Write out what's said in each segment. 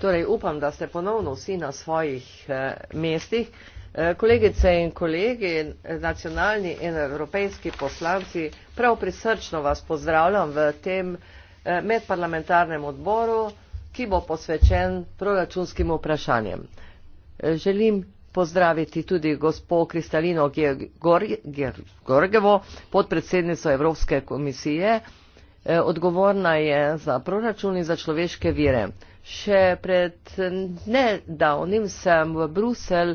Torej, upam, da ste ponovno vsi na svojih eh, mestih. Eh, kolegice in kolegi, nacionalni in evropejski poslanci, prav prisrčno vas pozdravljam v tem eh, medparlamentarnem odboru, ki bo posvečen proračunskim vprašanjem. Želim pozdraviti tudi gospo Kristalino Georgevo, podpredsednico Evropske komisije. Eh, odgovorna je za proračun in za človeške vire. Še pred nedavnim sem v Bruselj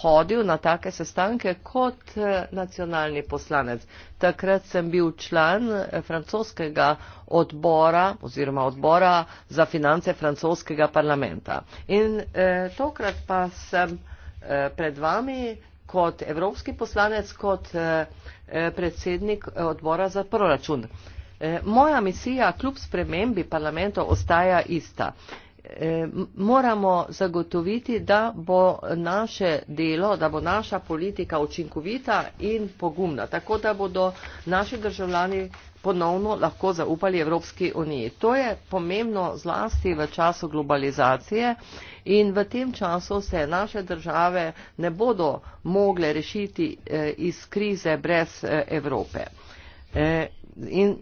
hodil na take sestanke kot eh, nacionalni poslanec. Takrat sem bil član eh, francoskega odbora oziroma odbora za finance francoskega parlamenta. In eh, tokrat pa sem eh, pred vami kot evropski poslanec, kot eh, predsednik odbora za proračun. Eh, Eh, moja misija kljub spremembi parlamentov ostaja ista. Eh, moramo zagotoviti, da bo naše delo, da bo naša politika učinkovita in pogumna, tako da bodo naši državljani ponovno lahko zaupali Evropski uniji. To je pomembno zlasti v času globalizacije in v tem času se naše države ne bodo mogle rešiti eh, iz krize brez Evrope. In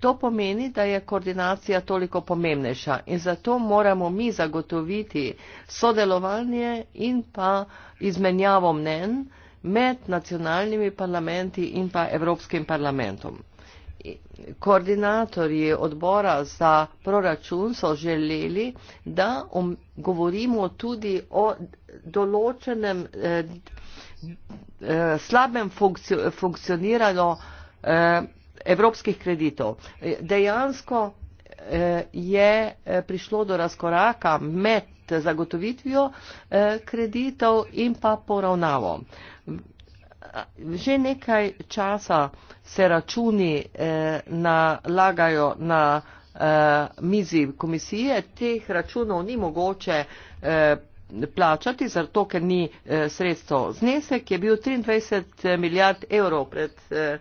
To pomeni, da je koordinacija toliko pomembnejša in zato moramo mi zagotoviti sodelovanje in pa izmenjavo mnen med nacionalnimi parlamenti in pa Evropskim parlamentom. Koordinatorji odbora za proračun so želeli, da um-, govorimo tudi o določenem eh, eh slabem funkcioniranju eh, evropskih kreditov. Dejansko eh, je eh, prišlo do razkoraka med zagotovitvijo eh, kreditov in pa poravnavo. Že nekaj časa se računi nalagajo na mizi komisije, teh računov ni mogoče plačati, zato ker ni sredstvo. Znesek je bil 23 milijard evrov pred eh,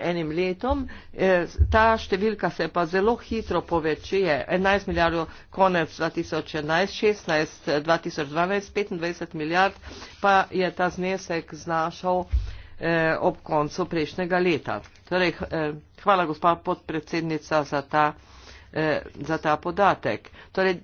enim letom. E, ta številka se pa zelo hitro povečuje. 11 milijard konec 2011, 16, 2012, 25 milijard pa je ta znesek znašal e, ob koncu prejšnjega leta. Torej, e, hvala gospa podpredsednica za ta, za ta podatek. Torej,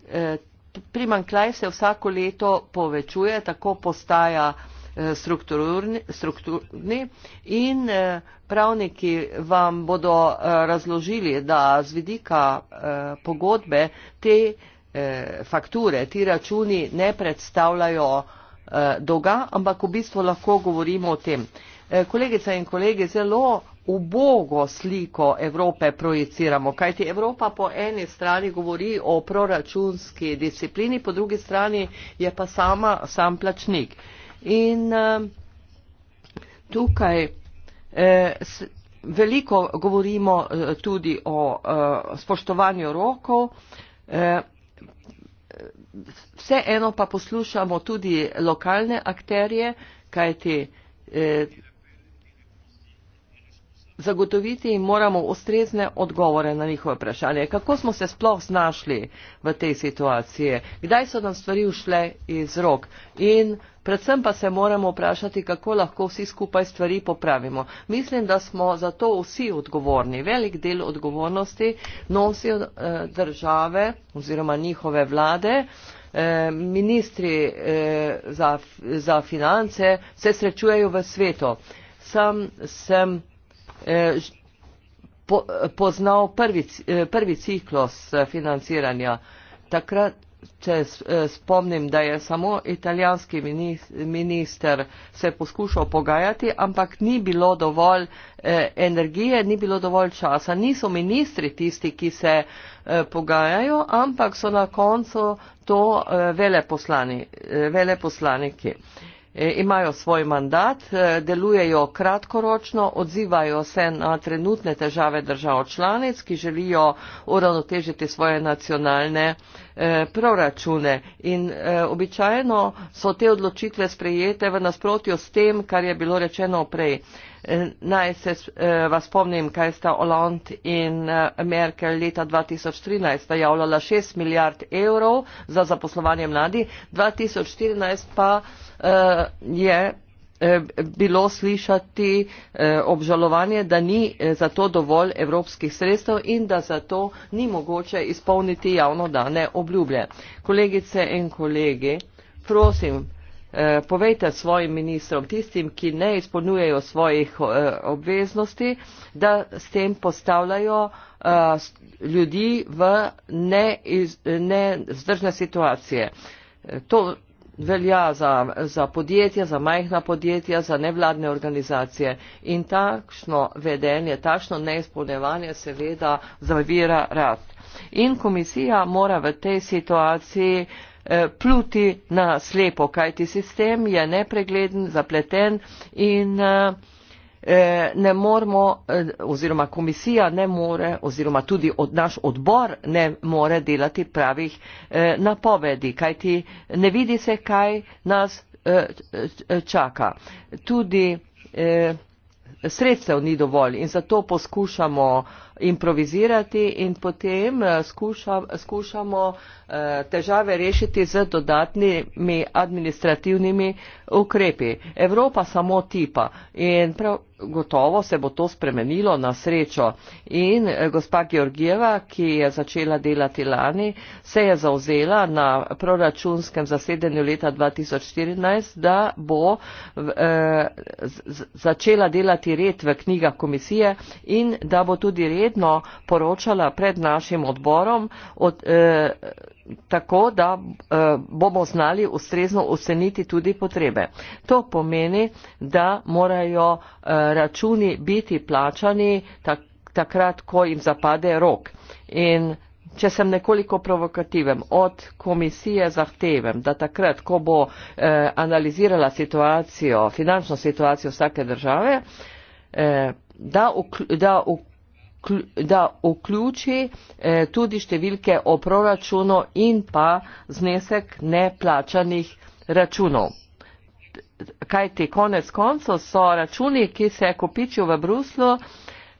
primankljaj se vsako leto povečuje, tako postaja Eh, strukturni, strukturni in eh, pravniki vam bodo eh, razložili, da z vidika pogodbe te fakture, ti računi ne predstavljajo dolga, ampak v bistvu lahko govorimo o tem. Kolegica in kolege, zelo ubogo sliko Evrope projiciramo, kajti Evropa po eni strani govori o proračunski disciplini, po drugi strani je pa sama sam plačnik. In um, tukaj eh, veliko govorimo eh, tudi o eh, spoštovanju rokov. Vseeno pa poslušamo tudi lokalne akterje, kajti zagotoviti jim moramo ustrezne odgovore na njihove vprašanje. Kako smo se sploh znašli v tej situaciji? Kdaj so nam stvari ušle iz rok? In predvsem pa se moramo vprašati, kako lahko vsi skupaj stvari popravimo. Mislim, da smo za to vsi odgovorni. Velik del odgovornosti nosijo eh, države oziroma njihove vlade. Eh, ministri eh, za, za finance se srečujejo v svetu. Sam sem eh, po, eh, poznal prvi, eh, prvi ciklus eh, financiranja. Takrat, če eh, spomnim, da je samo italijanski minister se poskušal pogajati, ampak ni bilo dovolj eh, energije, ni bilo dovolj časa. Niso ministri tisti, ki se pogajajo, ampak so na koncu to veleposlani, veleposlaniki. E, imajo svoj mandat, e, delujejo kratkoročno, odzivajo se na trenutne težave držav članic, ki želijo uravnotežiti svoje nacionalne e, proračune. In običajno so te odločitve sprejete v nasprotju s tem, kar je bilo rečeno prej. Eh, naj se eh, vas spomnim, kaj sta Oland in eh, Merkel leta 2013 najavljala 6 milijard evrov za zaposlovanje mladi, 2014 pa je bilo slišati obžalovanje, da ni za to dovolj evropskih sredstev in da za to ni mogoče izpolniti javno dane obljublje. Kolegice in kolegi, prosim, Eh, povejte svojim ministrom, tistim, ki ne izpolnjujejo svojih eh, obveznosti, da s tem postavljajo eh, ljudi v nezdržne ne situacije. To velja za, za podjetja, za majhna podjetja, za nevladne organizacije in takšno vedenje, takšno neizpolnevanje seveda zavira rast. In komisija mora v tej situaciji uh, Eh, pluti na slepo, kajti sistem je nepregleden, zapleten in eh, eh, ne moramo, oziroma komisija ne more, oziroma tudi od naš odbor ne more delati pravih napovedi, kajti ne vidi se, kaj nas čaka. Tudi sredstev ni dovolj in zato poskušamo improvizirati in potem eh, skuša, skušamo eh, težave rešiti z dodatnimi administrativnimi ukrepi. Evropa samo tipa in prav gotovo se bo to spremenilo na srečo. In eh, gospa Georgijeva, ki je začela delati lani, se je zauzela na proračunskem zasedanju leta 2014, da bo eh, začela delati red v knjigah komisije in da bo tudi red redno poročala pred našim odborom, od, eh, tako da eh, bomo znali ustrezno oceniti tudi potrebe. To pomeni, da morajo eh, računi biti plačani tak, takrat, ko jim zapade rok. In Če sem nekoliko provokativen, od komisije zahtevem, da takrat, ko bo eh, analizirala situacijo, finančno situacijo vsake države, eh, da, da da vključi eh, tudi številke o proračunu in pa znesek neplačanih računov. Kaj ti konec koncev so računi, ki se kopičijo v Bruslu,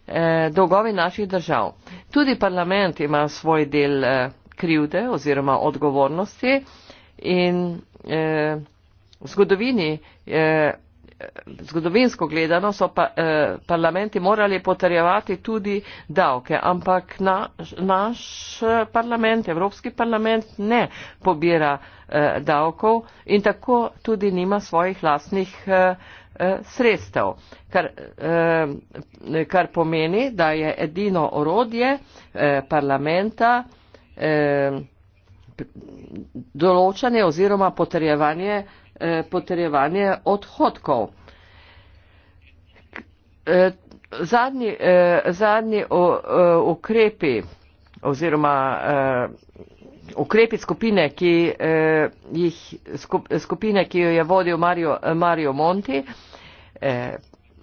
eh, dolgovi naših držav. Tudi parlament ima svoj del eh, krivde oziroma odgovornosti in v zgodovini zgodovinsko gledano so pa, eh, parlamenti morali potrjevati tudi davke, ampak na, naš eh, parlament, Evropski parlament ne pobira eh, davkov in tako tudi nima svojih lastnih eh, eh sredstev, kar, eh, kar pomeni, da je edino orodje eh, parlamenta eh, določanje oziroma potrjevanje, eh, potrjevanje odhodkov. Eh, zadnji, eh, zadnji ukrepi oziroma ukrepi skupine, ki jih, skupine, ki jo je vodil Mario, Mario Monti,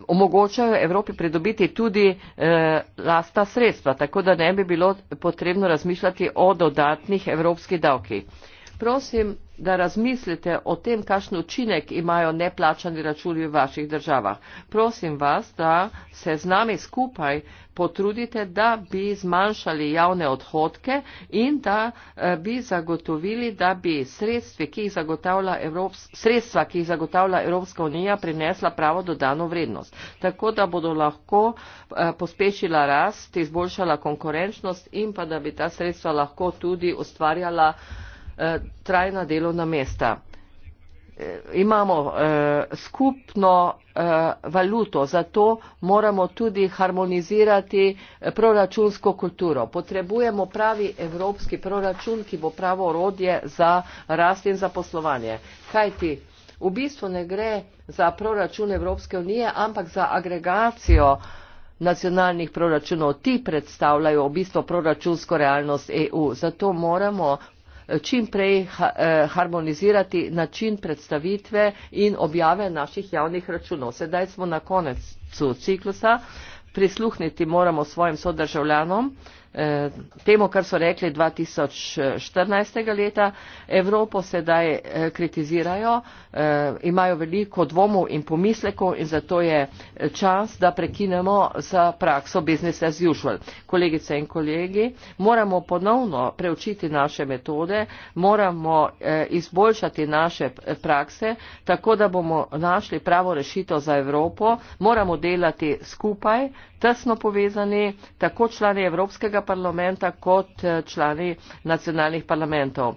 omogočajo Evropi pridobiti tudi eh, lasta sredstva, tako da ne bi bilo potrebno razmišljati o dodatnih evropskih davkih. Prosim, da razmislite o tem, kakšen učinek imajo neplačani računi v vaših državah. Prosim vas, da se z nami skupaj potrudite, da bi zmanjšali javne odhodke in da eh, bi zagotovili, da bi sredstva, ki jih zagotavlja, Evrops, sredstva, ki jih zagotavlja Evropska unija, prinesla pravo dodano vrednost. Tako, da bodo lahko eh, pospešila rast, izboljšala konkurenčnost in pa da bi ta sredstva lahko tudi ustvarjala Eh, trajna delovna mesta. Eh, imamo eh, skupno eh, valuto, zato moramo tudi harmonizirati eh, proračunsko kulturo. Potrebujemo pravi evropski proračun, ki bo pravo orodje za rast in za poslovanje. Kajti, v bistvu ne gre za proračun Evropske unije, ampak za agregacijo nacionalnih proračunov. Ti predstavljajo v bistvu proračunsko realnost EU. Zato moramo čim prej eh, harmonizirati način predstavitve in objave naših javnih računov. Sedaj smo na koncu ciklusa, prisluhniti moramo svojim sodržavljanom, Eh, temu, kar so rekli 2014. leta. Evropo sedaj eh, kritizirajo, eh, imajo veliko dvomov in pomislekov in zato je čas, da prekinemo za prakso business as usual. Kolegice in kolegi, moramo ponovno preučiti naše metode, moramo izboljšati naše prakse, tako da bomo našli pravo rešitev za Evropo, moramo delati skupaj, tesno povezani tako člani Evropskega parlamenta kot eh, člani nacionalnih parlamentov.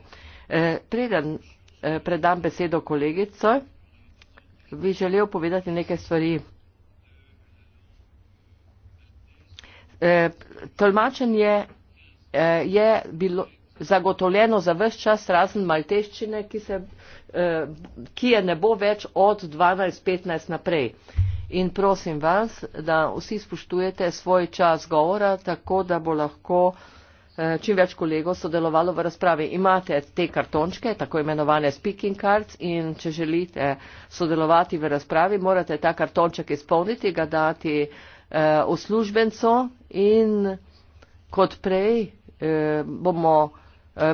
Eh, preden eh, predam besedo kolegico, bi želel povedati neke stvari. Tolmačenje je bilo zagotovljeno za vse čas razen malteščine, ki, se, ki je ne bo več od 12.15 naprej in prosim vas, da vsi spoštujete svoj čas govora, tako da bo lahko eh, čim več kolegov sodelovalo v razpravi. Imate te kartončke, tako imenovane speaking cards in če želite sodelovati v razpravi, morate ta kartonček izpolniti, ga dati eh, uslužbencu in kot prej eh, bomo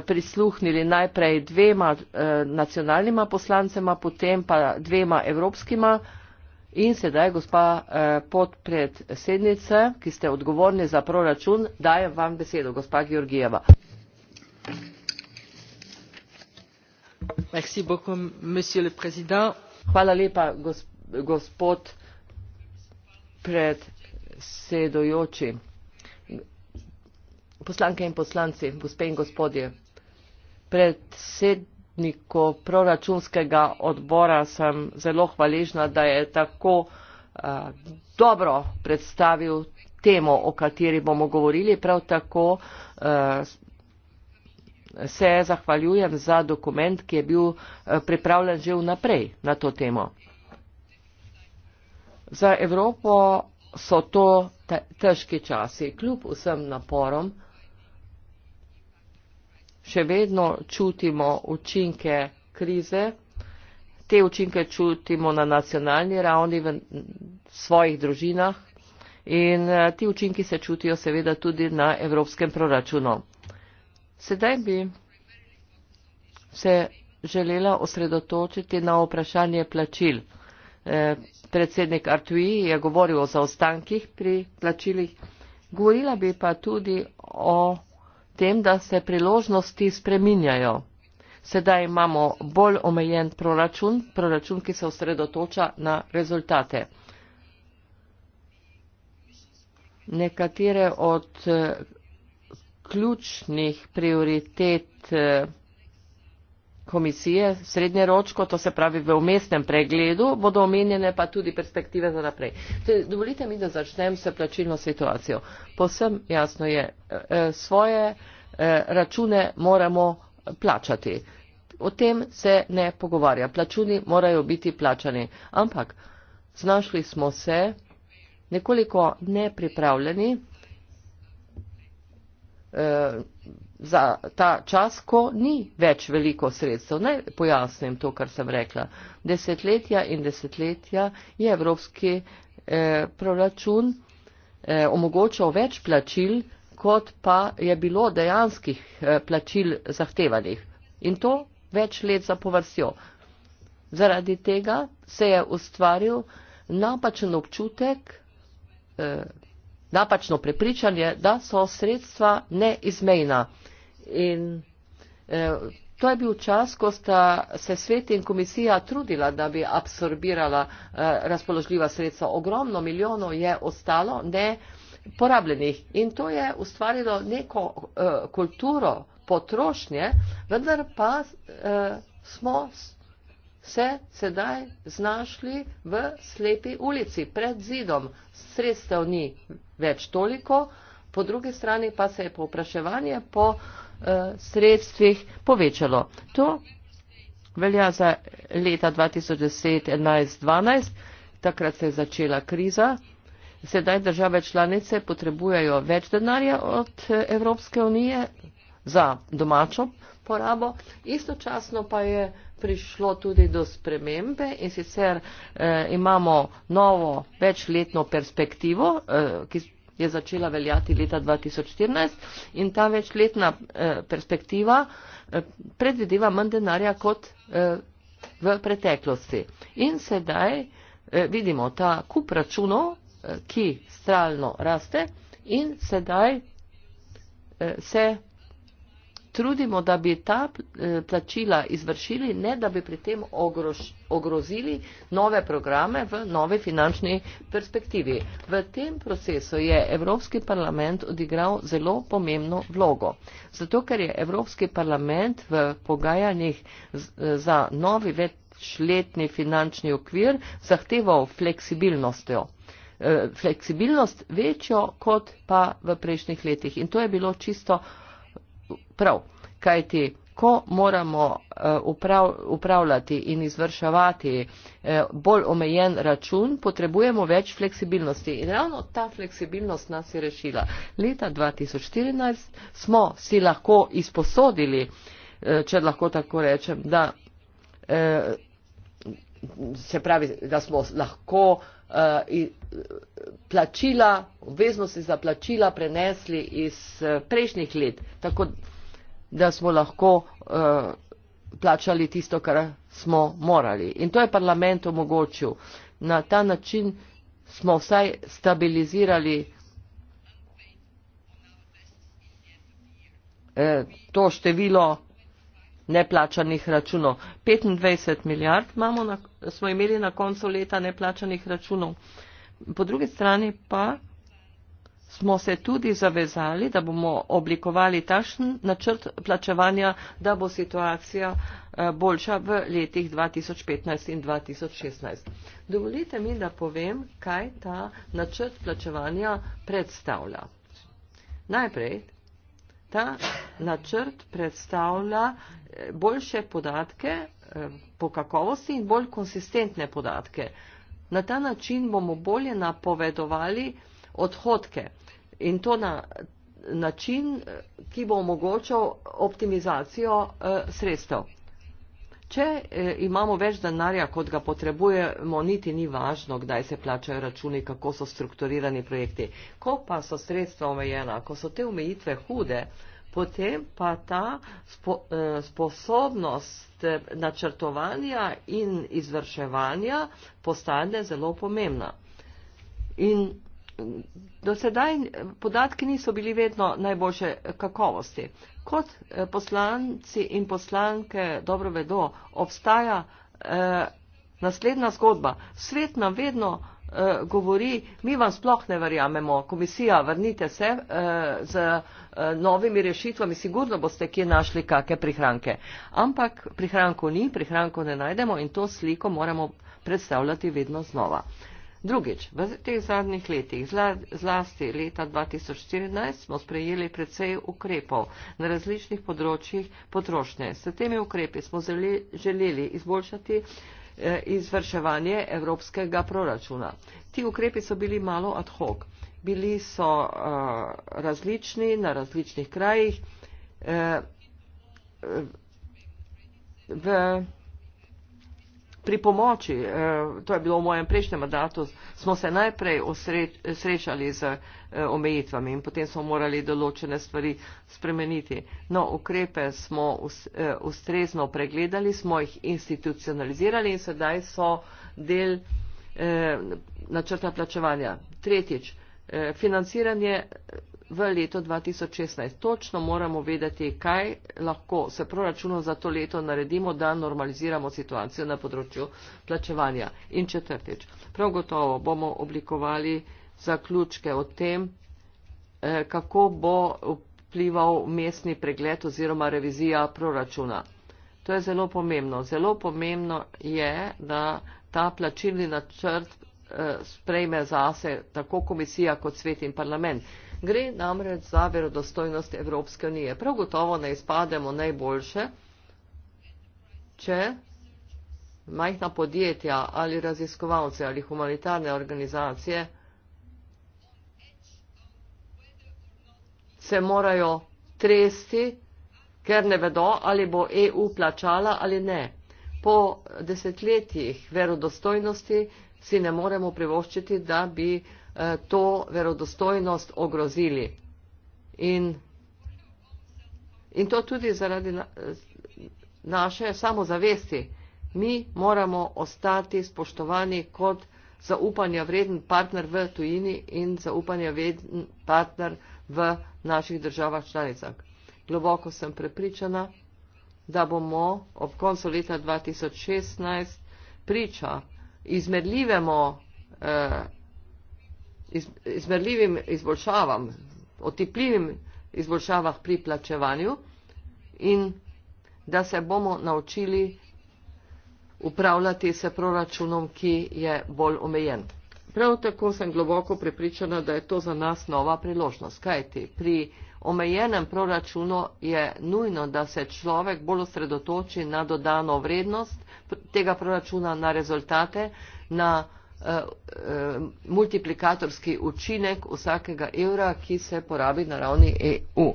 prisluhnili najprej dvema nacionalnima poslancema, potem pa dvema evropskima poslancema. In sedaj, gospa eh, podpredsednica, ki ste odgovorni za proračun, dajem vam besedo, gospa Georgijeva. Hvala lepa, gospod predsedojoči. Poslanke in poslanci, gospe in gospodje, predsednik predsedniku proračunskega odbora sem zelo hvaležna da je tako eh, dobro predstavil temo o kateri bomo govorili prav tako eh, se zahvaljujem za dokument ki je bil eh, pripravljen že vnaprej na to temo za evropo so to težki časi kljub vsem naporom še vedno čutimo učinke krize. Te učinke čutimo na nacionalni ravni v svojih družinah in eh, ti učinki se čutijo seveda tudi na evropskem proračunu. Sedaj bi se želela osredotočiti na vprašanje plačil. Eh, predsednik Artui je govoril o zaostankih pri plačilih, govorila bi pa tudi o tem, da se priložnosti spreminjajo. Sedaj imamo bolj omejen proračun, proračun, ki se osredotoča na rezultate. Nekatere od eh, ključnih prioritet eh, komisije srednjeročko, to se pravi v umestnem pregledu, bodo omenjene pa tudi perspektive za naprej. Te, dovolite mi, da začnem s plačilno situacijo. Posem jasno je, e, e svoje e, račune moramo plačati. O tem se ne pogovarja. Plačuni morajo biti plačani. Ampak znašli smo se nekoliko nepripravljeni. E, za ta čas, ko ni več veliko sredstev. Naj pojasnim to, kar sem rekla. Desetletja in desetletja je evropski eh, proračun eh, omogočal več plačil, kot pa je bilo dejanskih eh, plačil zahtevanih. In to več let za povrstjo. Zaradi tega se je ustvaril napačen občutek. Eh, napačno prepričanje, da so sredstva neizmejna. In eh, to je bil čas, ko sta se svet in komisija trudila, da bi absorbirala eh, razpoložljiva sredstva. Ogromno milijonov je ostalo neporabljenih in to je ustvarilo neko eh, kulturo potrošnje, vendar pa eh, smo se sedaj znašli v slepi ulici pred zidom. Sredstev ni več toliko, po drugi strani pa se je povpraševanje po eh, sredstvih povečalo. To velja za leta 2010-2011, takrat se je začela kriza. Sedaj države članice potrebujejo več denarja od eh, Evropske unije za domačo porabo, istočasno pa je prišlo tudi do spremembe in sicer eh, imamo novo večletno perspektivo, eh, ki je začela veljati leta 2014 in ta večletna eh, perspektiva eh, predvideva manj denarja kot eh, v preteklosti. In sedaj eh, vidimo ta kup računov, eh, ki stralno raste in sedaj eh, se trudimo, da bi ta eh, plačila izvršili, ne da bi pri tem ogrož, ogrozili nove programe v nove finančni perspektivi. V tem procesu je Evropski parlament odigral zelo pomembno vlogo. Zato, ker je Evropski parlament v pogajanjih eh, za novi večletni finančni okvir zahteval fleksibilnostjo eh, fleksibilnost večjo kot pa v prejšnjih letih. In to je bilo čisto prav, kajti ko moramo eh, uprav, upravljati in izvrševati eh, bolj omejen račun, potrebujemo več fleksibilnosti. In ravno ta fleksibilnost nas je rešila. Leta 2014 smo si lahko izposodili, eh, če lahko tako rečem, da se pravi, da smo lahko uh, plačila, obveznosti za plačila prenesli iz uh, prejšnjih let, tako da smo lahko uh, plačali tisto, kar smo morali. In to je parlament omogočil. Na ta način smo vsaj stabilizirali uh, to število neplačanih računov. 25 milijard imamo na, smo imeli na koncu leta neplačanih računov. Po drugi strani pa smo se tudi zavezali, da bomo oblikovali takšen načrt plačevanja, da bo situacija eh, boljša v letih 2015 in 2016. Dovolite mi, da povem, kaj ta načrt plačevanja predstavlja. Najprej ta načrt predstavlja eh, boljše podatke eh, po kakovosti in bolj konsistentne podatke. Na ta način bomo bolje napovedovali odhodke in to na način, eh, ki bo omogočal optimizacijo sredstev. Če e, imamo več denarja, kot ga potrebujemo, niti ni važno, kdaj se plačajo računi, kako so strukturirani projekti. Ko pa so sredstva omejena, ko so te omejitve hude, potem pa ta spo, e, sposobnost e, načrtovanja in izvrševanja postane zelo pomembna. In Do sedaj podatki niso bili vedno najboljše kakovosti. Kot eh, poslanci in poslanke dobro vedo, obstaja eh, naslednja zgodba. Svet nam vedno eh, govori, mi vam sploh ne verjamemo, komisija, vrnite se eh, z eh, novimi rešitvami, sigurno boste kje našli kakšne prihranke. Ampak prihranko ni, prihranko ne najdemo in to sliko moramo predstavljati vedno znova. Eh, Drugič, v teh zadnjih letih, zlasti leta 2014, smo sprejeli precej ukrepov na različnih področjih potrošnje. S temi ukrepi smo želeli izboljšati eh, izvrševanje evropskega proračuna. Ti ukrepi so bili malo ad hoc. Bili so eh, različni na različnih krajih. Eh, v pri pomoči, eh, to je bilo v mojem prejšnjem mandatu, smo se najprej srečali z eh, omejitvami in potem smo morali določene stvari spremeniti. No, ukrepe smo eh, ustrezno pregledali, smo jih institucionalizirali in sedaj so del načrta plačevanja. Tretjič, financiranje v leto 2016. Točno moramo vedeti, kaj lahko se proračunom za to leto naredimo, da normaliziramo situacijo na področju plačevanja. In četrtič, prav gotovo bomo oblikovali zaključke o tem, eh, kako bo vplival mestni pregled oziroma revizija proračuna. To je zelo pomembno. Zelo pomembno je, da ta plačilni načrt eh, sprejme zase tako komisija kot svet in parlament. Gre namreč za verodostojnost Evropske unije. Prav gotovo ne izpademo najboljše, če majhna podjetja ali raziskovalce ali humanitarne organizacije se morajo tresti, ker ne vedo, ali bo EU plačala ali ne. Po desetletjih verodostojnosti si ne moremo privoščiti, da bi Eh, to verodostojnost ogrozili. In, in to tudi zaradi na, eh, naše samozavesti. Mi moramo ostati spoštovani kot zaupanja vreden partner v tujini in zaupanja vreden partner v naših državah članicah. Globoko sem prepričana, da bomo ob koncu leta 2016 priča izmerljivemu eh, iz, izmerljivim izboljšavam, otipljivim izboljšavah pri plačevanju in da se bomo naučili upravljati se proračunom, ki je bolj omejen. Prav tako sem globoko prepričana, da je to za nas nova priložnost. Kaj ti? Pri omejenem proračunu je nujno, da se človek bolj osredotoči na dodano vrednost tega proračuna, na rezultate, na Eh, eh, multiplikatorski učinek vsakega evra, ki se porabi na ravni EU.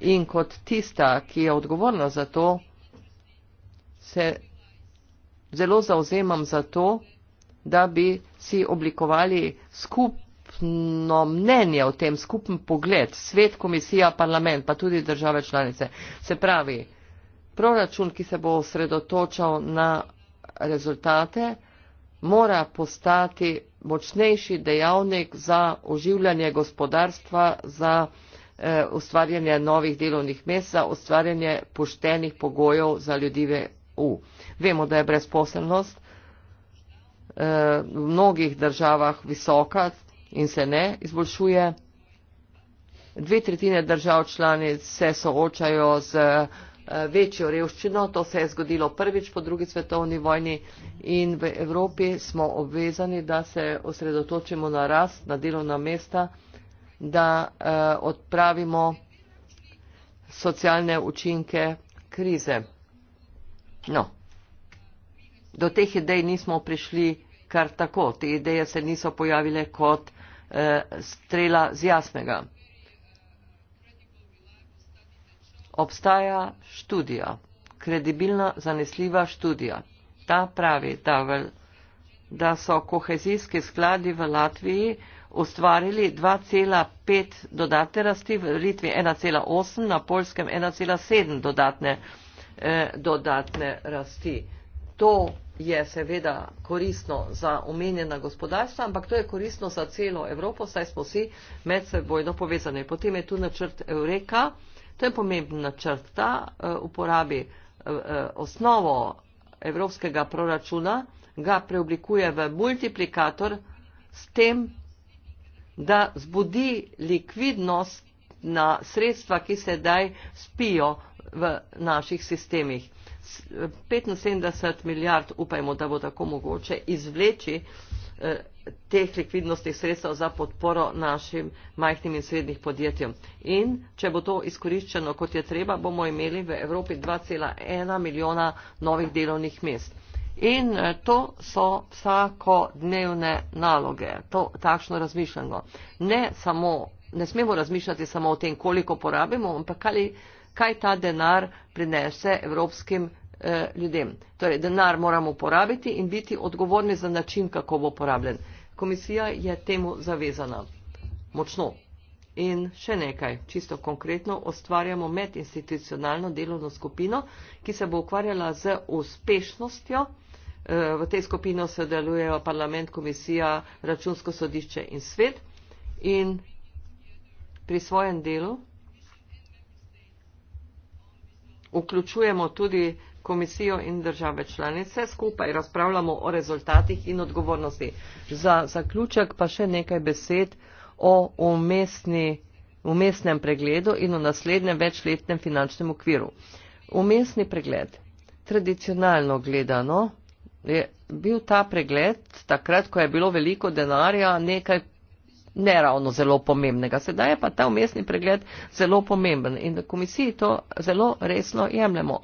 In kot tista, ki je odgovorna za to, se zelo zauzemam za to, da bi si oblikovali skupno mnenje o tem, skupen pogled, svet, komisija, parlament, pa tudi države članice. Se pravi, proračun, ki se bo osredotočal na rezultate, mora postati močnejši dejavnik za oživljanje gospodarstva, za eh, ustvarjanje novih delovnih mest, za ustvarjanje poštenih pogojev za ljudi v EU. Vemo, da je brezposelnost eh, v mnogih državah visoka in se ne izboljšuje. Dve tretjine držav članic se soočajo z eh, večjo revščino. To se je zgodilo prvič po drugi svetovni vojni in v Evropi smo obvezani, da se osredotočimo na rast, na delovna mesta, da uh, odpravimo socialne učinke krize. No, do teh idej nismo prišli kar tako. Te ideje se niso pojavile kot uh, strela z jasnega. obstaja študija, kredibilna, zanesljiva študija. Ta pravi, da, vel, da so kohezijski skladi v Latviji ustvarili 2,5 dodatne rasti, v Litvi 1,8, na Polskem 1,7 dodatne, eh, dodatne rasti. To je seveda koristno za omenjena gospodarstva, ampak to je koristno za celo Evropo, saj smo vsi med sebojno povezani. Potem je tu načrt Eureka, eh, To je pomemben načrt. Ta eh, uporabi eh, eh, osnovo evropskega proračuna, ga preoblikuje v multiplikator s tem, da zbudi likvidnost na sredstva, ki se daj spijo v naših sistemih. 75 milijard upajmo, da bo tako mogoče izvleči. Eh, teh likvidnostnih sredstev za podporo našim majhnim in srednjih podjetjem. In če bo to izkoriščeno, kot je treba, bomo imeli v Evropi 2,1 milijona novih delovnih mest. In eh, to so vsakodnevne naloge, to takšno razmišljamo. Ne, samo, ne smemo razmišljati samo o tem, koliko porabimo, ampak kaj, kaj ta denar prinese evropskim Eh, ljudem. Torej, denar moramo porabiti in biti odgovorni za način, kako bo porabljen. Komisija je temu zavezana. Močno. In še nekaj, čisto konkretno, ustvarjamo medinstitucionalno delovno skupino, ki se bo ukvarjala z uspešnostjo. Eh, v tej skupini sodelujejo parlament, komisija, računsko sodišče in svet. In pri svojem delu vključujemo tudi uh, komisijo in države članice skupaj razpravljamo o rezultatih in odgovornosti. Za zaključek pa še nekaj besed o umestni, umestnem pregledu in o naslednjem večletnem finančnem okviru. Umestni pregled, tradicionalno gledano, je bil ta pregled takrat, ko je bilo veliko denarja, nekaj neravno zelo pomembnega. Sedaj je pa ta umestni pregled zelo pomemben in komisiji to zelo resno jemljemo.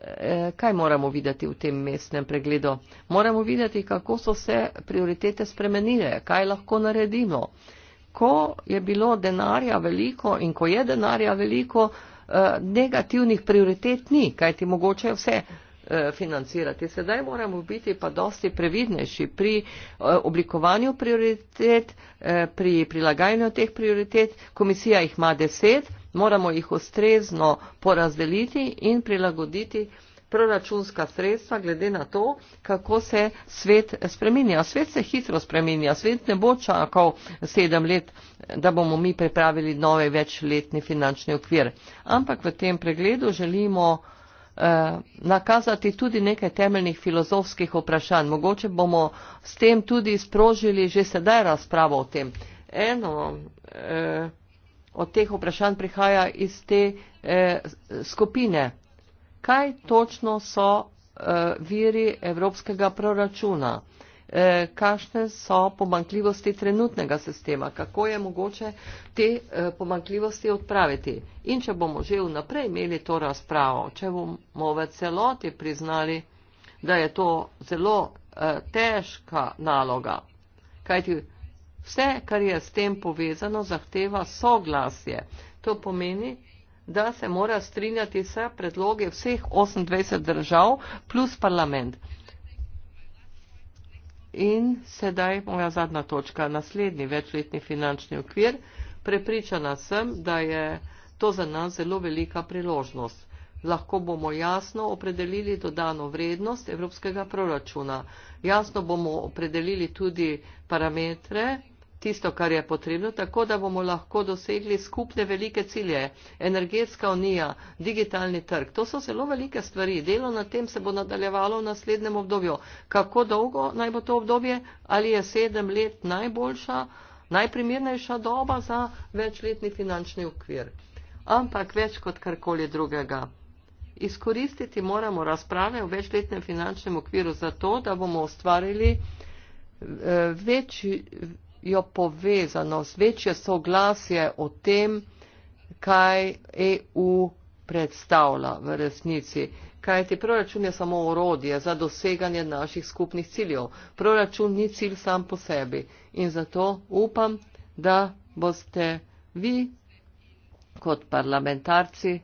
Eh, kaj moramo videti v tem mestnem pregledu? Moramo videti, kako so se prioritete spremenile, kaj lahko naredimo. Ko je bilo denarja veliko in ko je denarja veliko, eh, negativnih prioritet ni, kaj ti mogoče vse eh, financirati. Sedaj moramo biti pa dosti previdnejši pri oblikovanju prioritet, pri prilagajanju teh prioritet. Komisija jih ima deset, moramo jih ustrezno porazdeliti in prilagoditi proračunska sredstva glede na to, kako se svet spreminja. Svet se hitro spreminja, svet ne bo čakal sedem let, da bomo mi pripravili nove večletni finančni okvir. Ampak v tem pregledu želimo eh, nakazati tudi nekaj temeljnih filozofskih vprašanj. Mogoče bomo s tem tudi sprožili že sedaj razpravo o tem. Eno, eh, od teh vprašanj prihaja iz te eh, skupine. Kaj točno so eh, viri evropskega proračuna? Eh, kašne so pomankljivosti trenutnega sistema? Kako je mogoče te eh, pomankljivosti odpraviti? In če bomo že vnaprej imeli to razpravo, če bomo v celoti priznali, da je to zelo eh, težka naloga, kajti Vse, kar je s tem povezano, zahteva soglasje. To pomeni, da se mora strinjati vse predloge vseh 28 držav plus parlament. In sedaj moja zadnja točka, naslednji večletni finančni okvir. Prepričana sem, da je to za nas zelo velika priložnost. Lahko bomo jasno opredelili dodano vrednost evropskega proračuna. Jasno bomo opredelili tudi parametre tisto, kar je potrebno, tako da bomo lahko dosegli skupne velike cilje, energetska unija, digitalni trg. To so zelo velike stvari. Delo na tem se bo nadaljevalo v naslednjem obdobju. Kako dolgo naj bo to obdobje? Ali je sedem let najboljša, najprimernejša doba za večletni finančni okvir? Ampak več kot karkoli drugega. Izkoristiti moramo razprave v večletnem finančnem okviru za to, da bomo ustvarili eh, večji jo povezanost, večje soglasje o tem, kaj EU predstavlja v resnici. Kaj ti proračun je samo orodje za doseganje naših skupnih ciljev. Proračun ni cilj sam po sebi in zato upam, da boste vi kot parlamentarci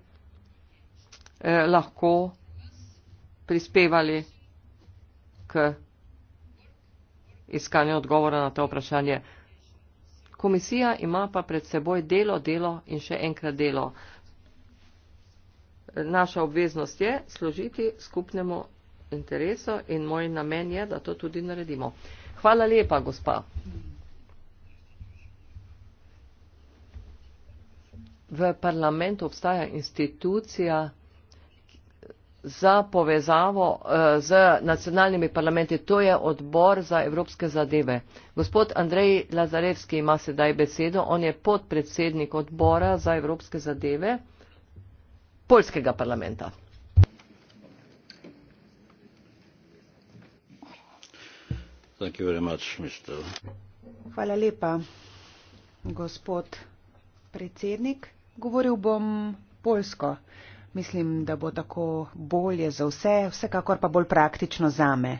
eh, lahko prispevali k iskanju odgovora na to vprašanje. Komisija ima pa pred seboj delo, delo in še enkrat delo. Naša obveznost je služiti skupnemu interesu in moj namen je, da to tudi naredimo. Hvala lepa, gospa. V parlamentu obstaja institucija, za povezavo eh, z nacionalnimi parlamenti, to je odbor za evropske zadeve. Gospod Andrej Lazarevski ima sedaj besedo, on je podpredsednik odbora za evropske zadeve Poljskega parlamenta. Much, Hvala lepa, gospod predsednik. Govoril bom poljsko. Mislim, da bo tako bolje za vse, vsekakor pa bolj praktično za me.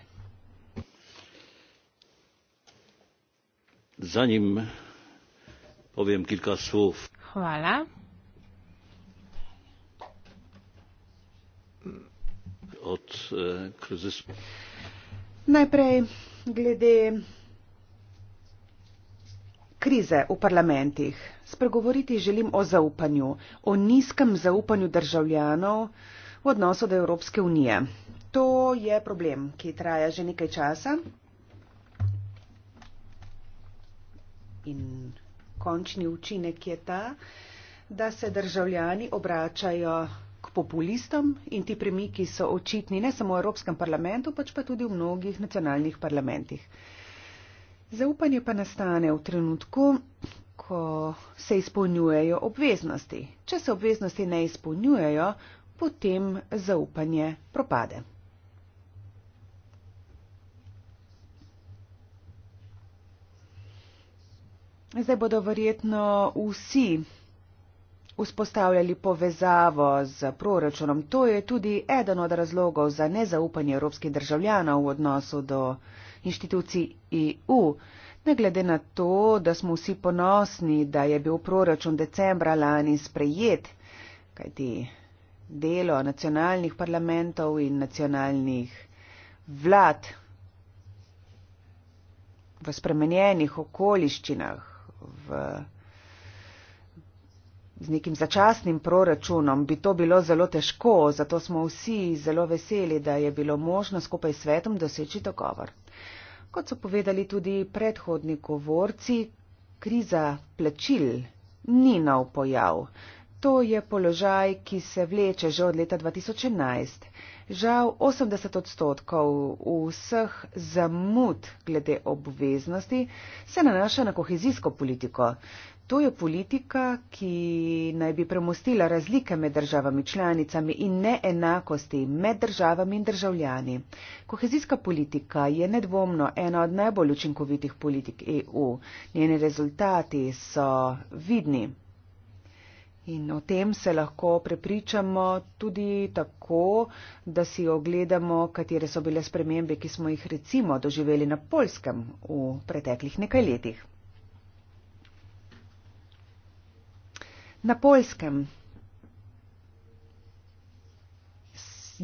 Za njim povem kilka slov. Hvala. Od, eh, Najprej glede krize v parlamentih. Spregovoriti želim o zaupanju, o nizkem zaupanju državljanov v odnosu do Evropske unije. To je problem, ki traja že nekaj časa. In končni učinek je ta, da se državljani obračajo k populistom in ti premiki so očitni ne samo v Evropskem parlamentu, pač pa tudi v mnogih nacionalnih parlamentih. Zaupanje pa nastane v trenutku, ko se izpolnjujejo obveznosti. Če se obveznosti ne izpolnjujejo, potem zaupanje propade. Zdaj bodo verjetno vsi vzpostavljali povezavo z proračunom. To je tudi eden od razlogov za nezaupanje evropskih državljanov v odnosu do inštitucij EU. Ne glede na to, da smo vsi ponosni, da je bil proračun decembra lani sprejet, kajti delo nacionalnih parlamentov in nacionalnih vlad v spremenjenih okoliščinah, v Z nekim začasnim proračunom bi to bilo zelo težko, zato smo vsi zelo veseli, da je bilo možno skupaj s svetom doseči dogovor. Kot so povedali tudi predhodni govorci, kriza plačil ni nov pojav. To je položaj, ki se vleče že od leta 2011. Žal 80 odstotkov vseh zamud glede obveznosti se nanaša na kohezijsko politiko, To je politika, ki naj bi premustila razlike med državami članicami in neenakosti med državami in državljani. Kohezijska politika je nedvomno ena od najbolj učinkovitih politik EU. Njeni rezultati so vidni. In o tem se lahko prepričamo tudi tako, da si ogledamo, katere so bile spremembe, ki smo jih recimo doživeli na polskem v preteklih nekaj letih. Na polskem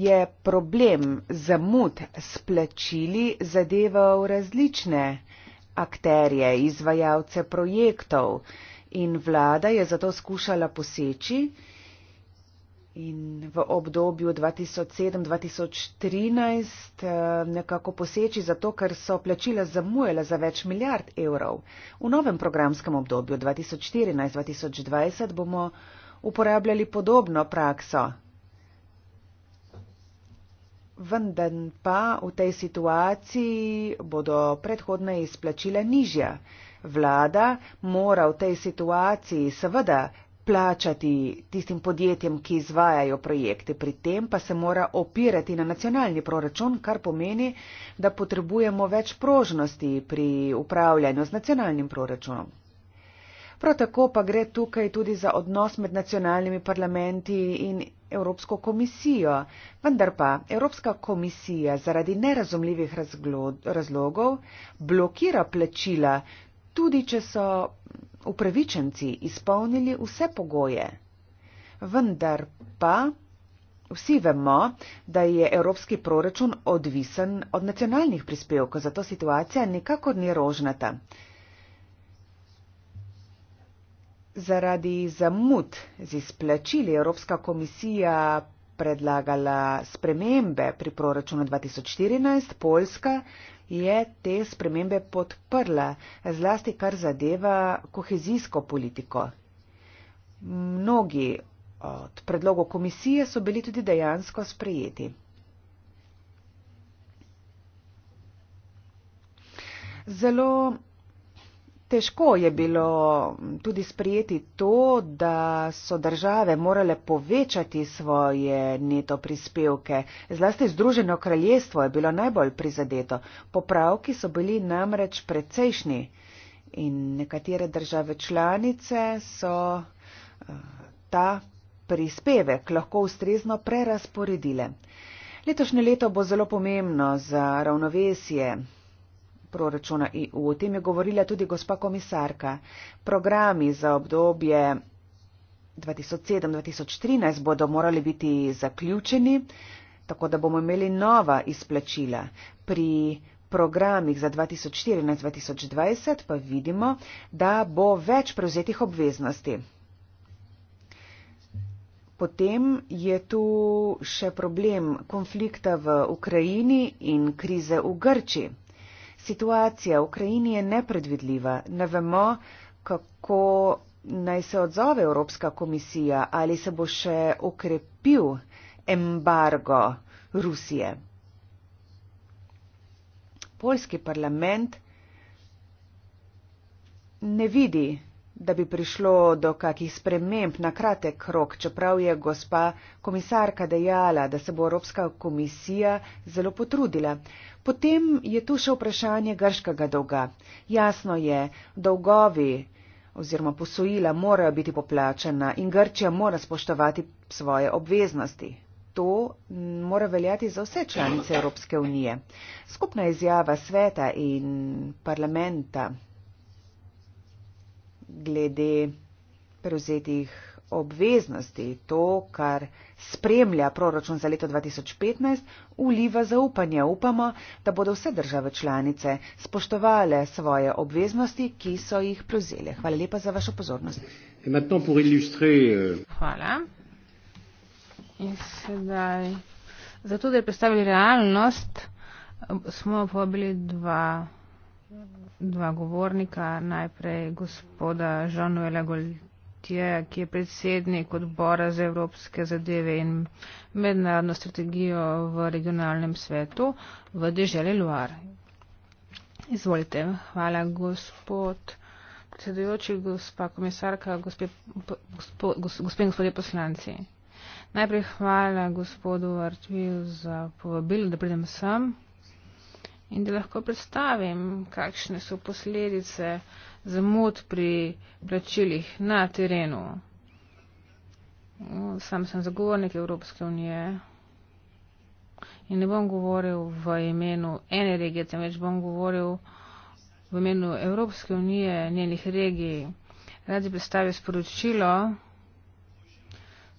je problem zamud s plačili zadeval različne akterje, izvajalce projektov in vlada je zato skušala poseči, In v obdobju 2007-2013 eh, nekako poseči zato, ker so plačila zamujala za več milijard evrov. V novem programskem obdobju 2014-2020 bomo uporabljali podobno prakso. Vendar pa v tej situaciji bodo predhodna izplačila nižja. Vlada mora v tej situaciji seveda plačati tistim podjetjem, ki izvajajo projekte, pri tem pa se mora opirati na nacionalni proračun, kar pomeni, da potrebujemo več prožnosti pri upravljanju z nacionalnim proračunom. Prav tako pa gre tukaj tudi za odnos med nacionalnimi parlamenti in Evropsko komisijo, vendar pa Evropska komisija zaradi nerazumljivih razlogov blokira plačila tudi če so upravičenci izpolnili vse pogoje. Vendar pa vsi vemo, da je evropski proračun odvisen od nacionalnih prispevkov, zato situacija nikakor ni rožnata. Zaradi zamud z izplačili Evropska komisija predlagala spremembe pri proračunu 2014, Poljska je te spremembe podprla, zlasti kar zadeva kohezijsko politiko. Mnogi od predlogov komisije so bili tudi dejansko sprejeti. Zelo Težko je bilo tudi sprijeti to, da so države morale povečati svoje neto prispevke. Zlasti Združeno kraljestvo je bilo najbolj prizadeto. Popravki so bili namreč precejšnji in nekatere države članice so eh, ta prispevek lahko ustrezno prerasporedile. Letošnje leto bo zelo pomembno za ravnovesje proračuna EU. O tem je govorila tudi gospa komisarka. Programi za obdobje 2007-2013 bodo morali biti zaključeni, tako da bomo imeli nova izplačila. Pri programih za 2014-2020 pa vidimo, da bo več prevzetih obveznosti. Potem je tu še problem konflikta v Ukrajini in krize v Grči. Situacija v Ukrajini je nepredvidljiva. Ne vemo, kako naj se odzove Evropska komisija, ali se bo še ukrepil embargo Rusije. Poljski parlament ne vidi, da bi prišlo do kakih sprememb na kratek rok, čeprav je gospa komisarka dejala, da se bo Evropska komisija zelo potrudila. Potem je tu še vprašanje grškega dolga. Jasno je, dolgovi oziroma posojila morajo biti poplačena in Grčija mora spoštovati svoje obveznosti. To mora veljati za vse članice Evropske unije. Skupna izjava sveta in parlamenta glede prevzetih obveznosti, to, kar spremlja proračun za leto 2015, uliva zaupanje. Upamo, da bodo vse države članice spoštovale svoje obveznosti, ki so jih prevzele. Hvala lepa za vašo pozornost. Euh, Hvala. In sedaj, zato, da bi predstavili realnost, smo povabili dva, dva govornika, najprej gospoda Žanuela Goljica. Tje, ki je predsednik odbora za evropske zadeve in mednarodno strategijo v regionalnem svetu v deželi Loire. Izvolite. Hvala, gospod predsedujoči, gospa komisarka, gospe in gospodje poslanci. Najprej hvala gospodu Artviju za povabilo, da pridem sem in da lahko predstavim, kakšne so posledice zamud pri plačilih na terenu. Sam sem zagovornik Evropske unije in ne bom govoril v imenu ene regije, temveč bom govoril v imenu Evropske unije, njenih regij. Rad bi predstavil sporočilo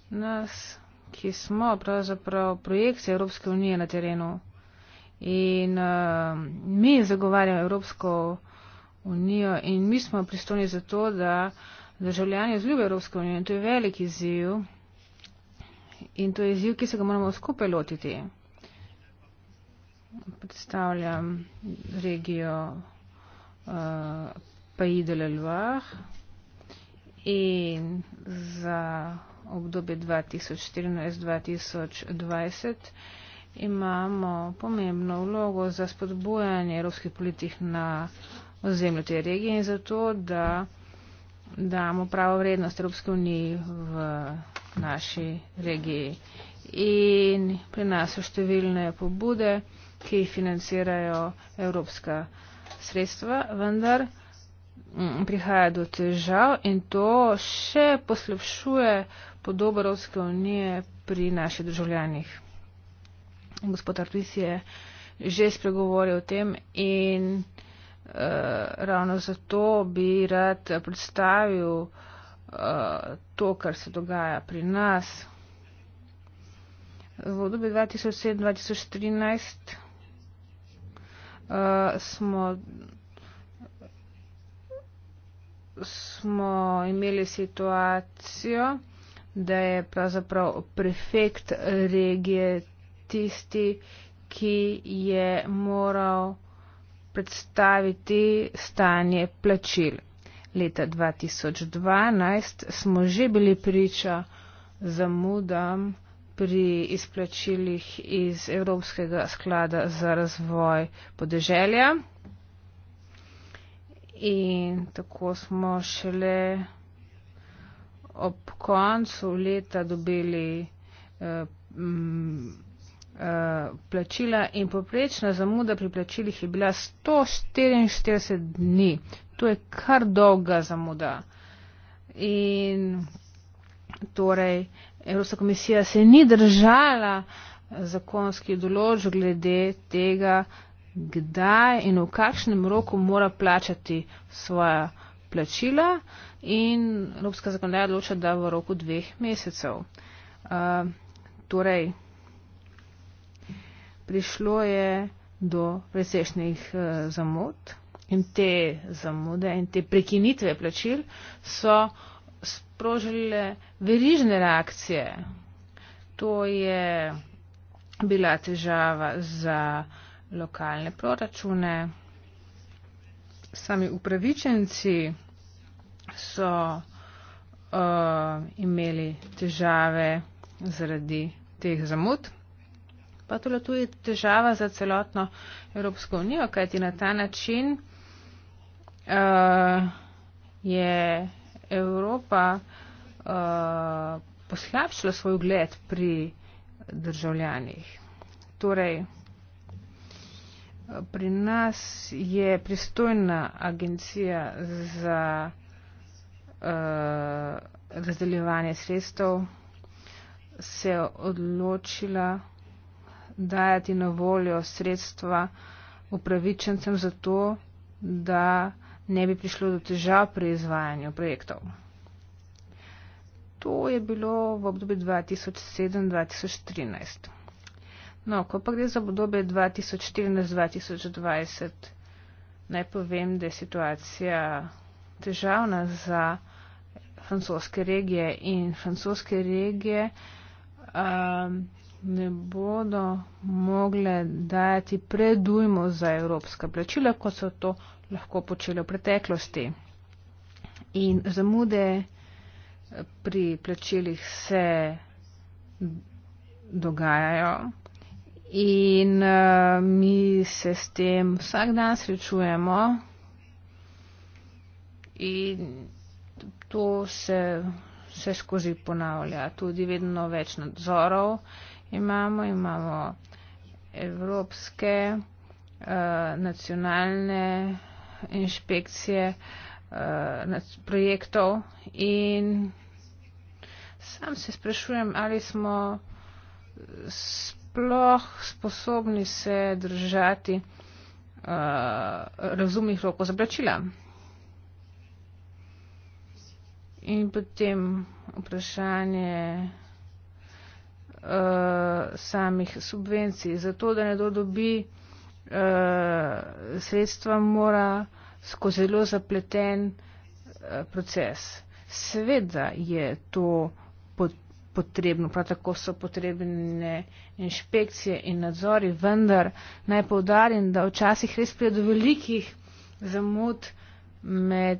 nas, ki smo pravzaprav projekcije Evropske unije na terenu. In uh, mi zagovarjamo Evropsko unijo unijo in mi smo pristojni za to, da državljani zljubijo Evropsko unijo in to je velik izziv in to je izziv, ki se ga moramo skupaj lotiti. Predstavljam regijo uh, Pays de l'Elvah in za obdobje 2014-2020 imamo pomembno vlogo za spodbujanje evropskih politik na uh, ozemlju te regije in zato, da damo pravo vrednost Evropske unije v naši regiji. In pri nas so številne pobude, ki jih financirajo evropska sredstva, vendar mm, prihaja do težav in to še poslepšuje podobo Evropske unije pri naših državljanih. Gospod Artuis je že spregovoril o tem in Eh, ravno zato bi rad predstavil eh, to, kar se dogaja pri nas. V obdobju 2007-2013 eh, smo, smo imeli situacijo, da je pravzaprav prefekt regije tisti, ki je moral predstaviti stanje plačil. Leta 2012 smo že bili priča zamudam pri izplačilih iz Evropskega sklada za razvoj podeželja. In tako smo šele ob koncu leta dobili eh, Eh, plačila in poprečna zamuda pri plačilih je bila 144 dni. To je kar dolga zamuda. In torej Evropska komisija se ni držala zakonskih določb glede tega, kdaj in v kakšnem roku mora plačati svoja plačila in Evropska zakonodaja določa, da v roku dveh mesecev. Uh, torej, prišlo je do presešnih e, eh, zamud in te zamude in te prekinitve plačil so sprožile verižne reakcije. To je bila težava za lokalne proračune. Sami upravičenci so uh, imeli težave zaradi teh zamud pa to je tudi težava za celotno Evropsko unijo, kajti na ta način uh, je Evropa uh, poslabšala svoj ugled pri državljanih. Torej, pri nas je pristojna agencija za uh, razdeljevanje sredstev se odločila, dajati na voljo sredstva upravičencem za to, da ne bi prišlo do težav pri izvajanju projektov. To je bilo v obdobju 2007-2013. No, ko pa gre za obdobje 2014-2020, naj povem, da je situacija težavna za francoske regije in francoske regije um, ne bodo mogle dajati predujmo za evropska plačila, kot so to lahko počele v preteklosti. In zamude pri plačilih se dogajajo in eh, mi se s tem vsak dan srečujemo in to se vse skozi ponavlja. Tudi vedno več nadzorov imamo, imamo evropske uh, nacionalne inšpekcije uh, projektov in sam se sprašujem, ali smo sploh sposobni se držati uh, razumnih rokov za plačila. In potem vprašanje uh, samih subvencij. Zato, da nekdo dobi uh, sredstva, mora skozi zelo zapleten uh, proces. Seveda je to potrebno, prav tako so potrebne inšpekcije in nadzori, vendar naj povdarim, da včasih res pride do velikih zamud med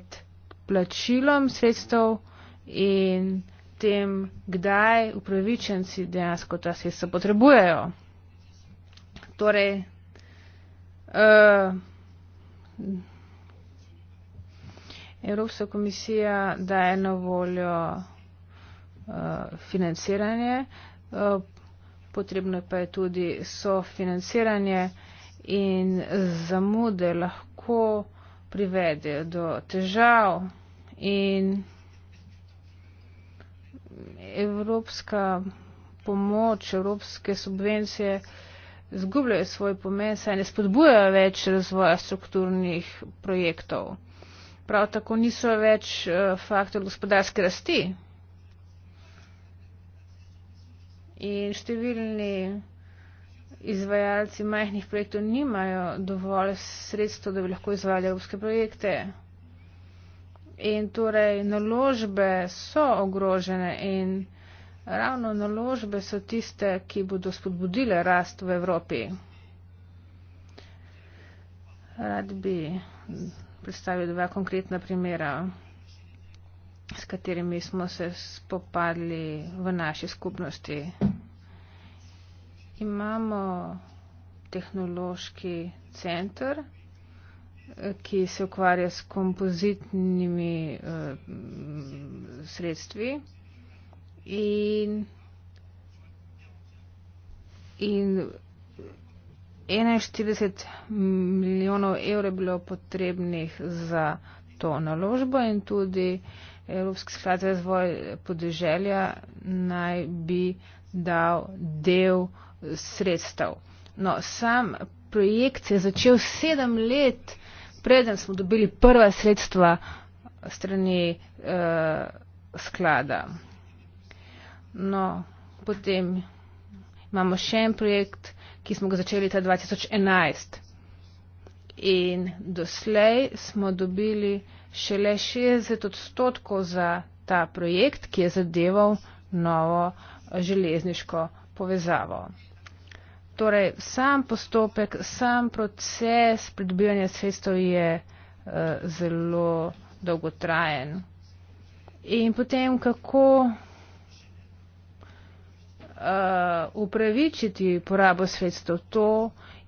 plačilom sredstev in tem, kdaj upravičenci dejansko ta sredstva potrebujejo. Torej, uh, Evropska komisija daje na voljo uh, financiranje, uh, potrebno pa je tudi sofinanciranje in zamude lahko privede do težav in evropska pomoč, evropske subvencije zgubljajo svoj pomen, saj ne spodbujajo več razvoja strukturnih projektov. Prav tako niso več eh, faktor gospodarske rasti. In številni izvajalci majhnih projektov nimajo dovolj sredstva, da bi lahko izvajali evropske projekte. In torej naložbe so ogrožene in ravno naložbe so tiste, ki bodo spodbudile rast v Evropi. Rad bi predstavil dva konkretna primera, s katerimi smo se spopadli v naši skupnosti. Imamo tehnološki center ki se ukvarja s kompozitnimi uh, sredstvi in, in 41 milijonov evrov je bilo potrebnih za to naložbo in tudi Evropski sklad za razvoj podeželja naj bi dal del sredstev. No, sam projekt se je začel sedem let preden smo dobili prva sredstva strani uh, sklada. No, potem imamo še en projekt, ki smo ga začeli ta 2011. In doslej smo dobili šele 60 odstotkov za ta projekt, ki je zadeval novo železniško povezavo torej sam postopek, sam proces pridobivanja sredstev je uh, zelo dolgotrajen. In potem, kako uh, upravičiti porabo sredstev, to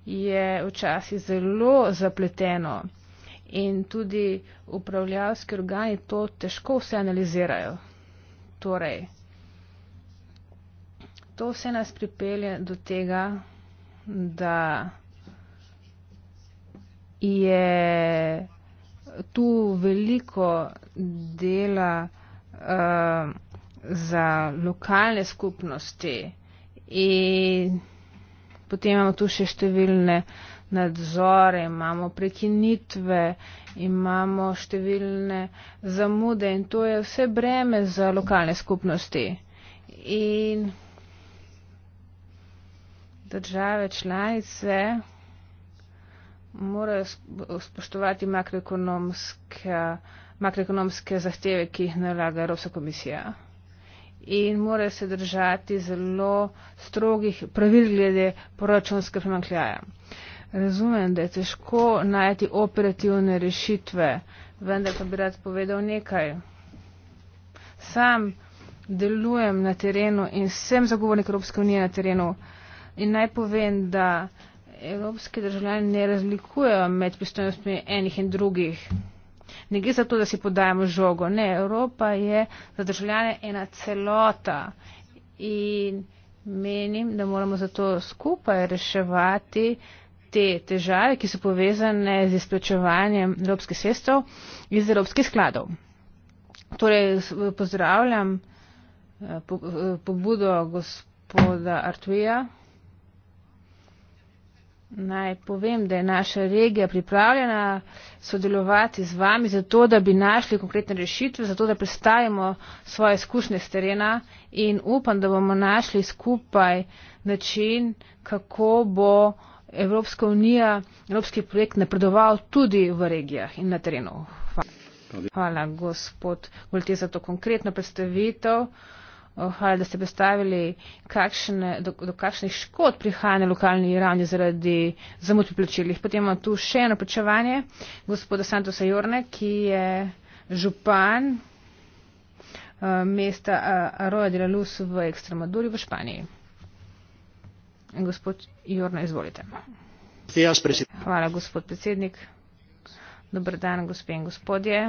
je včasih zelo zapleteno. In tudi upravljavski organi to težko vse analizirajo. Torej, to vse nas pripelje do tega, da je tu veliko dela uh, za lokalne skupnosti in potem imamo tu še številne nadzore, imamo prekinitve, imamo številne zamude in to je vse breme za lokalne skupnosti. In države članice morajo spoštovati makroekonomske, makroekonomske zahteve, ki jih nalaga Evropska komisija. In morajo se držati zelo strogih pravil glede proračunske premankljaja. Razumem, da je težko najti operativne rešitve, vendar pa bi rad povedal nekaj. Sam delujem na terenu in sem zagovornik Evropske unije na terenu. In naj povem, da evropski državljani ne razlikujejo med pristojnostmi enih in drugih. Ne gre za to, da si podajamo žogo. Ne, Evropa je za državljane ena celota in menim, da moramo zato skupaj reševati te težave, ki so povezane z izplačevanjem evropskih sredstev iz evropskih skladov. Torej, pozdravljam eh, eh, pobudo gospoda Artuija. Naj povem, da je naša regija pripravljena sodelovati z vami, zato da bi našli konkretne rešitve, zato da predstavimo svoje izkušnje z terena in upam, da bomo našli skupaj način, kako bo Evropska unija, Evropski projekt napredoval tudi v regijah in na terenu. Hvala, Hvala gospod Volte, za to konkretno predstavitev. Hvala, da ste predstavili, kakšne, do, do kakšnih škod prihaja na lokalni ravni zaradi zamud pri plačilih. Potem imamo tu še eno pričevanje gospoda Santosa Jorne, ki je župan uh, mesta eh, Arroja de la Luz v Ekstremaduri v Španiji. Gospod Jorna, izvolite. Hvala, gospod predsednik. Dobar dan, gospe in gospodje.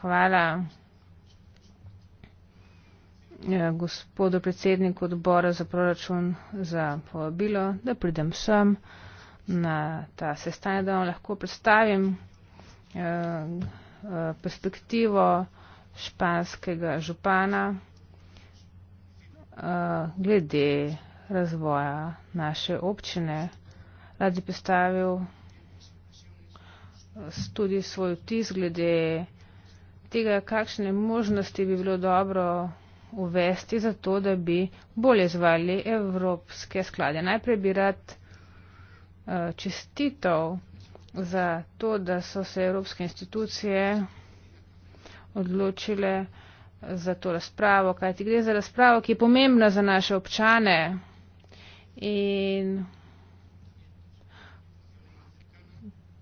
Hvala. Ja, gospodu predsedniku odbora za proračun za povabilo, da pridem sem na ta sestanek, da vam lahko predstavim eh, eh, perspektivo španskega župana eh, glede razvoja naše občine. Rad bi predstavil tudi svoj vtis glede tega, kakšne možnosti bi bilo dobro uvesti zato, da bi bolje zvali evropske sklade. Najprej bi rad eh, čestitev za to, da so se evropske institucije odločile za to razpravo, kajti gre za razpravo, ki je pomembna za naše občane in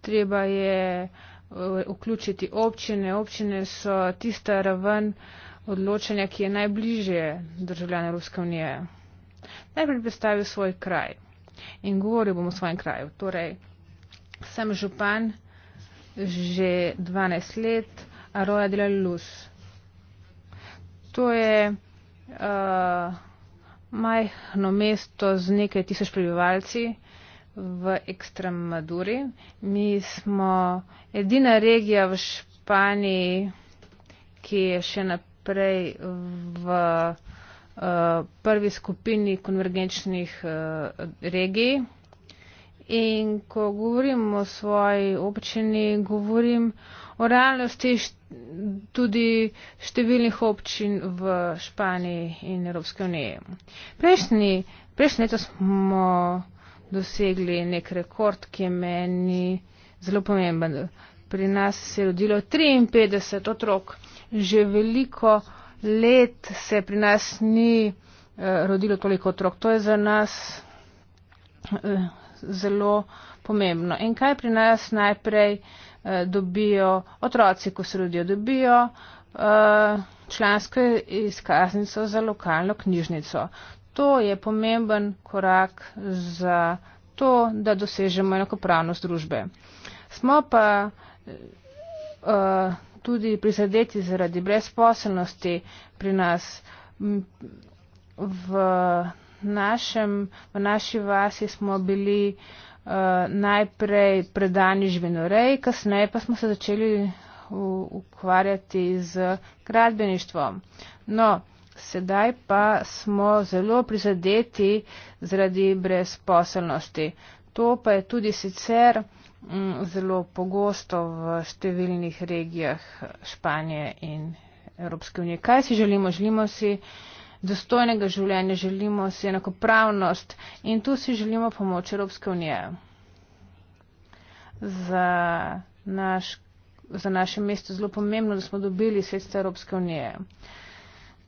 treba je eh, vključiti občine. Občine so tista raven, odločanja, ki je najbližje državljane Evropske unije. Najprej bi stavil svoj kraj in govoril bom o svojem kraju. Torej, sem župan že 12 let, Aroja de la Luz. To je uh, majhno mesto z nekaj tisoč prebivalci v Ekstremaduri. Mi smo edina regija v Španiji, ki je še naprej prej v uh, prvi skupini konvergenčnih uh, regij. In ko govorim o svoji občini, govorim o realnosti št tudi številnih občin v Španiji in Evropske unije. Prejšnji, prejšnji leto smo dosegli nek rekord, ki je meni zelo pomemben pri nas se je rodilo 53 otrok. Že veliko let se pri nas ni eh, rodilo toliko otrok. To je za nas eh, zelo pomembno. In kaj pri nas najprej eh, dobijo otroci, ko se rodijo? Dobijo člansko izkaznico za lokalno knjižnico. To je pomemben korak za to, da dosežemo enakopravnost družbe. Smo pa uh, tudi prizadeti zaradi brezposelnosti pri nas. V, našem, v naši vasi smo bili uh, najprej predani živinoreji, kasneje pa smo se začeli ukvarjati z gradbeništvom. No, sedaj pa smo zelo prizadeti zaradi brezposelnosti. To pa je tudi sicer uh, Mm, zelo pogosto v številnih regijah Španije in Evropske unije. Kaj si želimo? Želimo si dostojnega življenja, želimo si enakopravnost in tu si želimo pomoč Evropske unije. Za, naš, za naše mesto je zelo pomembno, da smo dobili sredstva Evropske unije.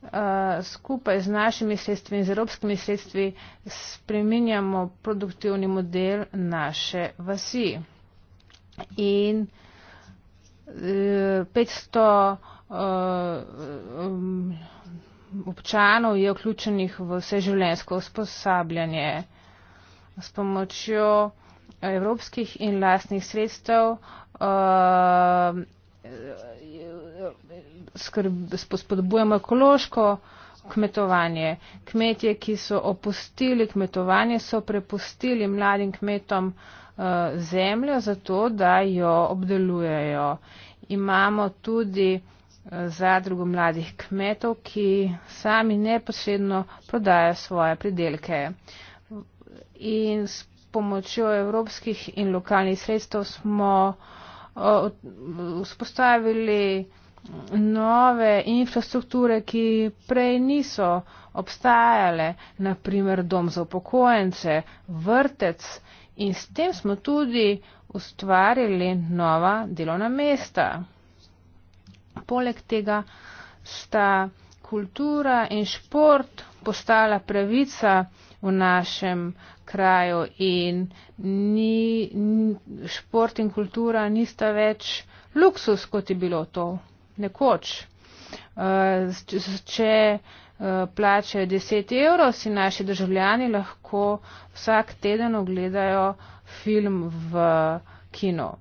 Uh, skupaj z našimi sredstvi in z evropskimi sredstvi spreminjamo produktivni model naše vasi in 500 eh, eh, um, občanov je vključenih v vseživljenjsko usposabljanje. S pomočjo evropskih in lastnih sredstev eh, spodbujamo ekološko kmetovanje. Kmetje, ki so opustili kmetovanje, so prepustili mladim kmetom uh, Eh, zemljo, zato da jo obdelujejo. Imamo tudi eh, zadrugo mladih kmetov, ki sami neposredno prodajo svoje pridelke. In s pomočjo evropskih in lokalnih sredstev smo eh, vzpostavili nove infrastrukture, ki prej niso obstajale, naprimer dom za upokojence, vrtec, in s tem smo tudi ustvarili nova delovna mesta. Poleg tega sta kultura in šport postala pravica v našem kraju in ni, šport in kultura nista več luksus, kot je bilo to nekoč. Eh, če plačajo 10 evrov, si naši državljani lahko vsak teden ogledajo film v kino.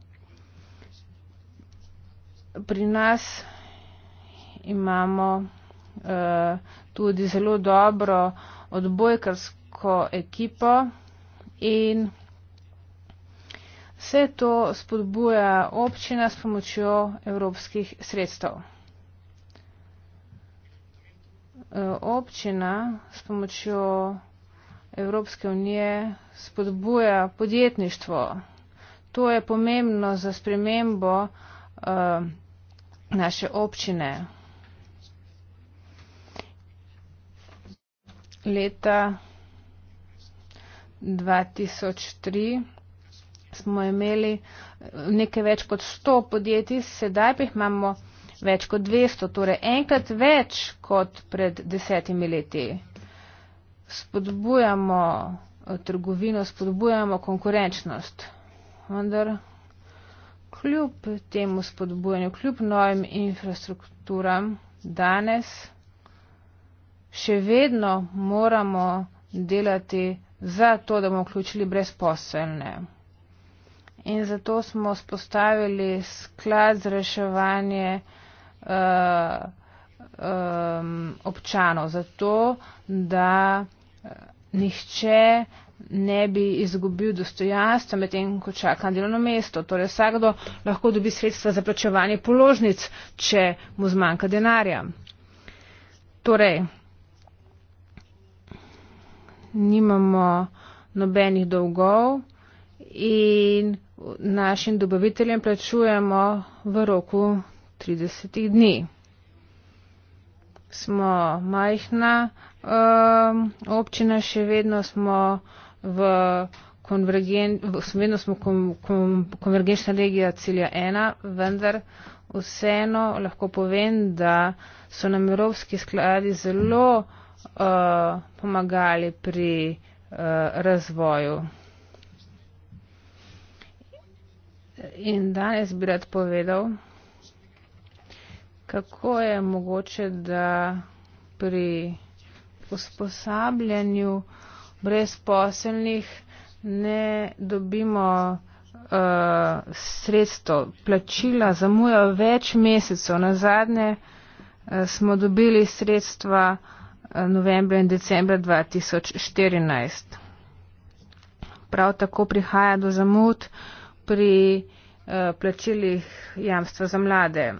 Pri nas imamo eh, tudi zelo dobro odbojkarsko ekipo in vse to spodbuja občina s pomočjo evropskih sredstev. Eh, občina s pomočjo Evropske unije spodbuja podjetništvo. To je pomembno za spremembo eh, naše občine. Leta 2003 smo imeli nekaj več kot 100 podjetij, sedaj pa jih imamo več kot 200, torej enkrat več kot pred desetimi leti. Spodbujamo eh, trgovino, spodbujamo konkurenčnost, vendar kljub temu spodbujanju, kljub novim infrastrukturam, danes še vedno moramo delati za to, da bomo vključili brezposelne. In zato smo spostavili sklad za reševanje uh, um, občanov, zato da eh, nihče ne bi izgubil dostojanstva medtem, ko čaka na delovno mesto. Torej vsakdo lahko dobi sredstva za plačevanje položnic, če mu zmanjka denarja. Torej, nimamo nobenih dolgov in našim dobaviteljem plačujemo v roku 30 dni. Smo majhna um, občina, še vedno smo v konvergen, kom, kom, konvergenčna regija celja ena, vendar vseeno lahko povem, da so nam evropski skladi zelo uh, pomagali pri uh, razvoju. In danes bi rad povedal, kako je mogoče, da pri usposabljanju brezposelnih ne dobimo uh, eh, sredstvo, plačila zamuja več mesecev. Na zadnje uh, smo dobili sredstva uh, novembra in decembra 2014. Prav tako prihaja do zamud pri uh, plačilih jamstva za mlade. Uh,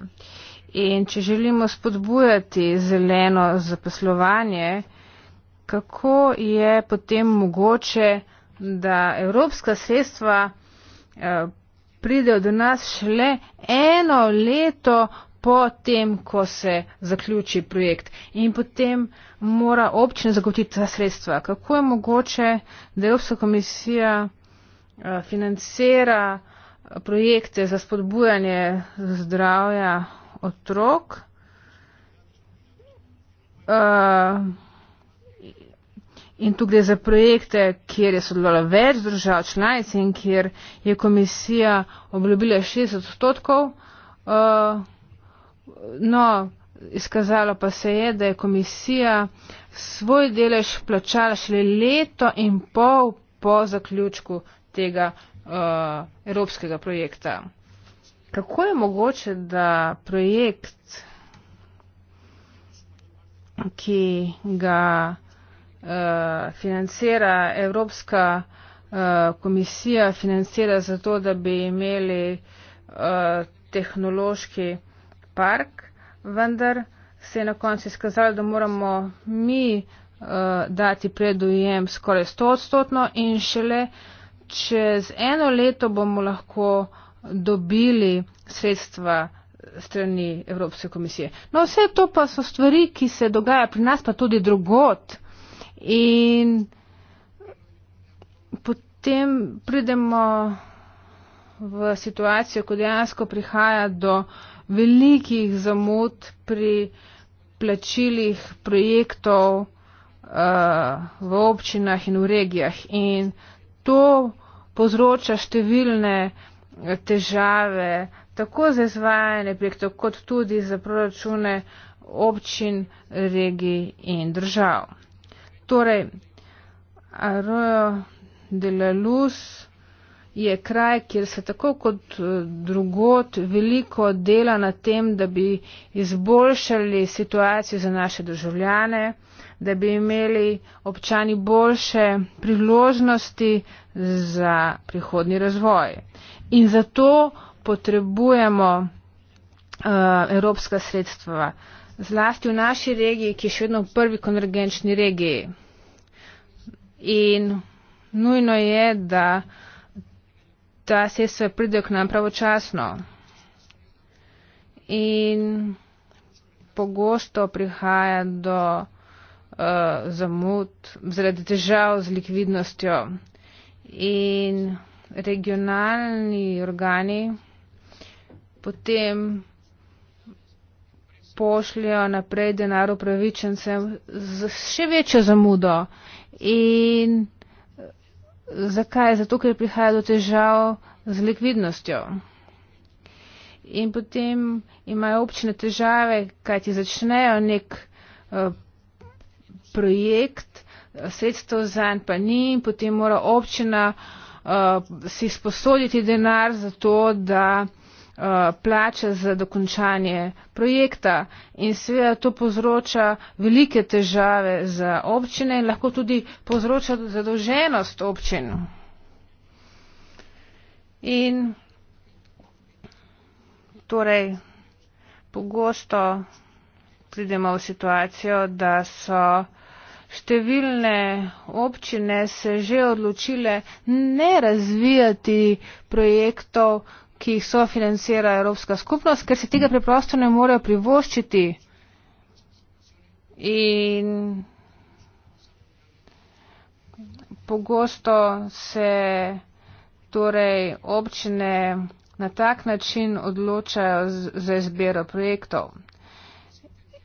In če želimo spodbujati zeleno zaposlovanje, kako je potem mogoče, da evropska sredstva eh, pridejo do nas šele eno leto po tem, ko se zaključi projekt in potem mora občina zagotoviti ta sredstva. Kako je mogoče, da Evropska komisija eh, financira eh, projekte za spodbujanje zdravja otrok. Uh, In tu gre za projekte, kjer je sodelovalo več držav članic in kjer je komisija obljubila 60 odstotkov. Uh, no, izkazalo pa se je, da je komisija svoj delež plačala šele leto in pol po zaključku tega uh, evropskega projekta. Kako je mogoče, da projekt, ki ga uh, financira Evropska uh, komisija, financira zato, da bi imeli uh, tehnološki park, vendar se je na koncu izkazalo, da moramo mi uh, dati predujem skoraj 100 odstotno in šele čez eno leto bomo lahko dobili sredstva strani Evropske komisije. No, vse to pa so stvari, ki se dogaja pri nas, pa tudi drugot. In potem pridemo v situacijo, ko dejansko prihaja do velikih zamud pri plačilih projektov uh, v občinah in v regijah. In to povzroča številne uh, težave tako za izvajanje projektov, kot tudi za proračune občin, regij in držav. Torej, Arroyo de la Luz je kraj, kjer se tako kot eh, drugot veliko dela na tem, da bi izboljšali situacijo za naše državljane, da bi imeli občani boljše priložnosti, za prihodni razvoj. In zato potrebujemo uh, evropska sredstva, zlasti v naši regiji, ki je še vedno v prvi konvergenčni regiji. In nujno je, da ta sredstva pridejo k nam pravočasno. In pogosto prihaja do uh, zamud zaradi težav z likvidnostjo in regionalni organi potem pošljajo naprej denar upravičencem z še večjo zamudo. In eh, zakaj? Zato, ker prihaja do težav z likvidnostjo. In potem imajo občine težave, kajti začnejo nek uh, projekt, sredstev za en pa ni in potem mora občina uh, si sposoditi denar za to, da uh, plača za dokončanje projekta. In seveda to povzroča velike težave za občine in lahko tudi povzroča zadolženost občin. In torej pogosto pridemo v situacijo, da so številne občine se že odločile ne razvijati projektov, ki jih sofinancira Evropska skupnost, ker se tega preprosto ne morejo privoščiti. In pogosto se torej občine na tak način odločajo za izbiro projektov.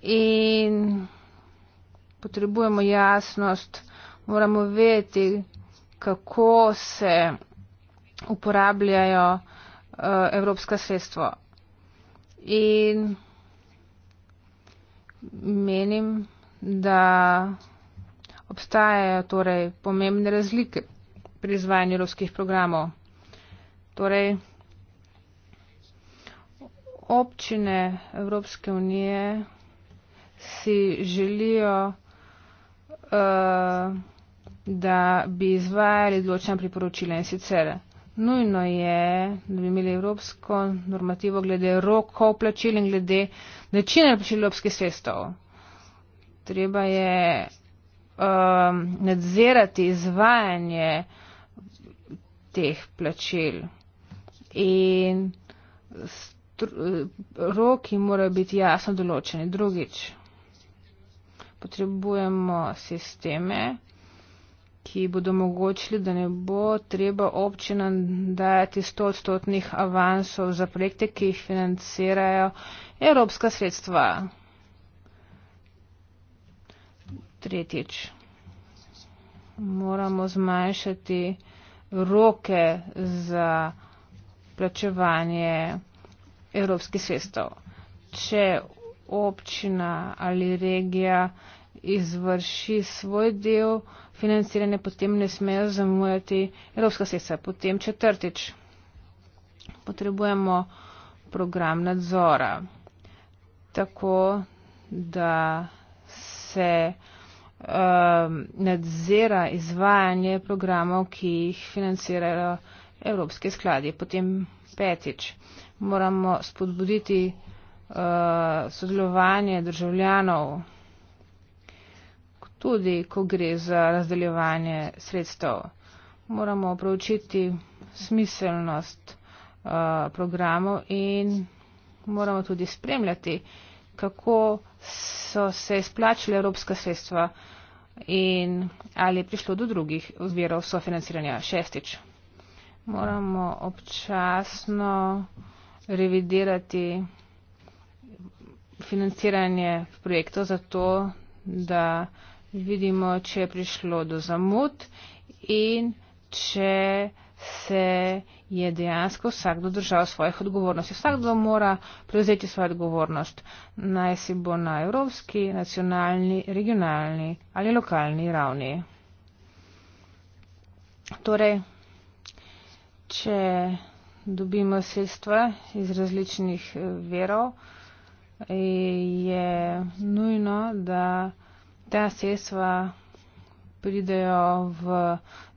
In potrebujemo jasnost, moramo vedeti, kako se uporabljajo uh, evropska sredstva. In menim, da obstajajo torej pomembne razlike pri izvajanju evropskih programov. Torej, občine Evropske unije si želijo Eh, da bi izvajali odločena priporočila in sicer nujno je, da bi imeli evropsko normativo glede rokov plačil in glede načina plačil evropskih sredstev. Treba je um, nadzirati izvajanje teh plačil in roki morajo biti jasno določeni. Drugič potrebujemo sisteme, ki bodo omogočili, da ne bo treba občinam dajati 100 odstotnih avansov za projekte, ki jih financirajo evropska sredstva. Tretjič. Moramo zmanjšati roke za plačevanje evropskih sredstev. Če občina ali regija uh, izvrši svoj del financiranja, potem ne smejo zamujati evropska sredstva. Potem četrtič, potrebujemo program nadzora, tako da se um, nadzira izvajanje programov, ki jih financirajo evropske skladi. Potem petič, moramo spodbuditi uh, sodelovanje državljanov tudi ko gre za razdeljevanje sredstev. Moramo proučiti smiselnost uh, programov in moramo tudi spremljati, kako so se izplačile evropska sredstva in ali je prišlo do drugih verov sofinanciranja. Šestič. Moramo občasno revidirati financiranje projektov zato, da vidimo, če je prišlo do zamud in če se je dejansko vsakdo držal svojih odgovornosti. Vsakdo mora prevzeti svojo odgovornost, naj si bo na evropski, nacionalni, regionalni ali lokalni ravni. Torej, če dobimo sredstva iz različnih verov, je nujno, da ta sredstva pridejo v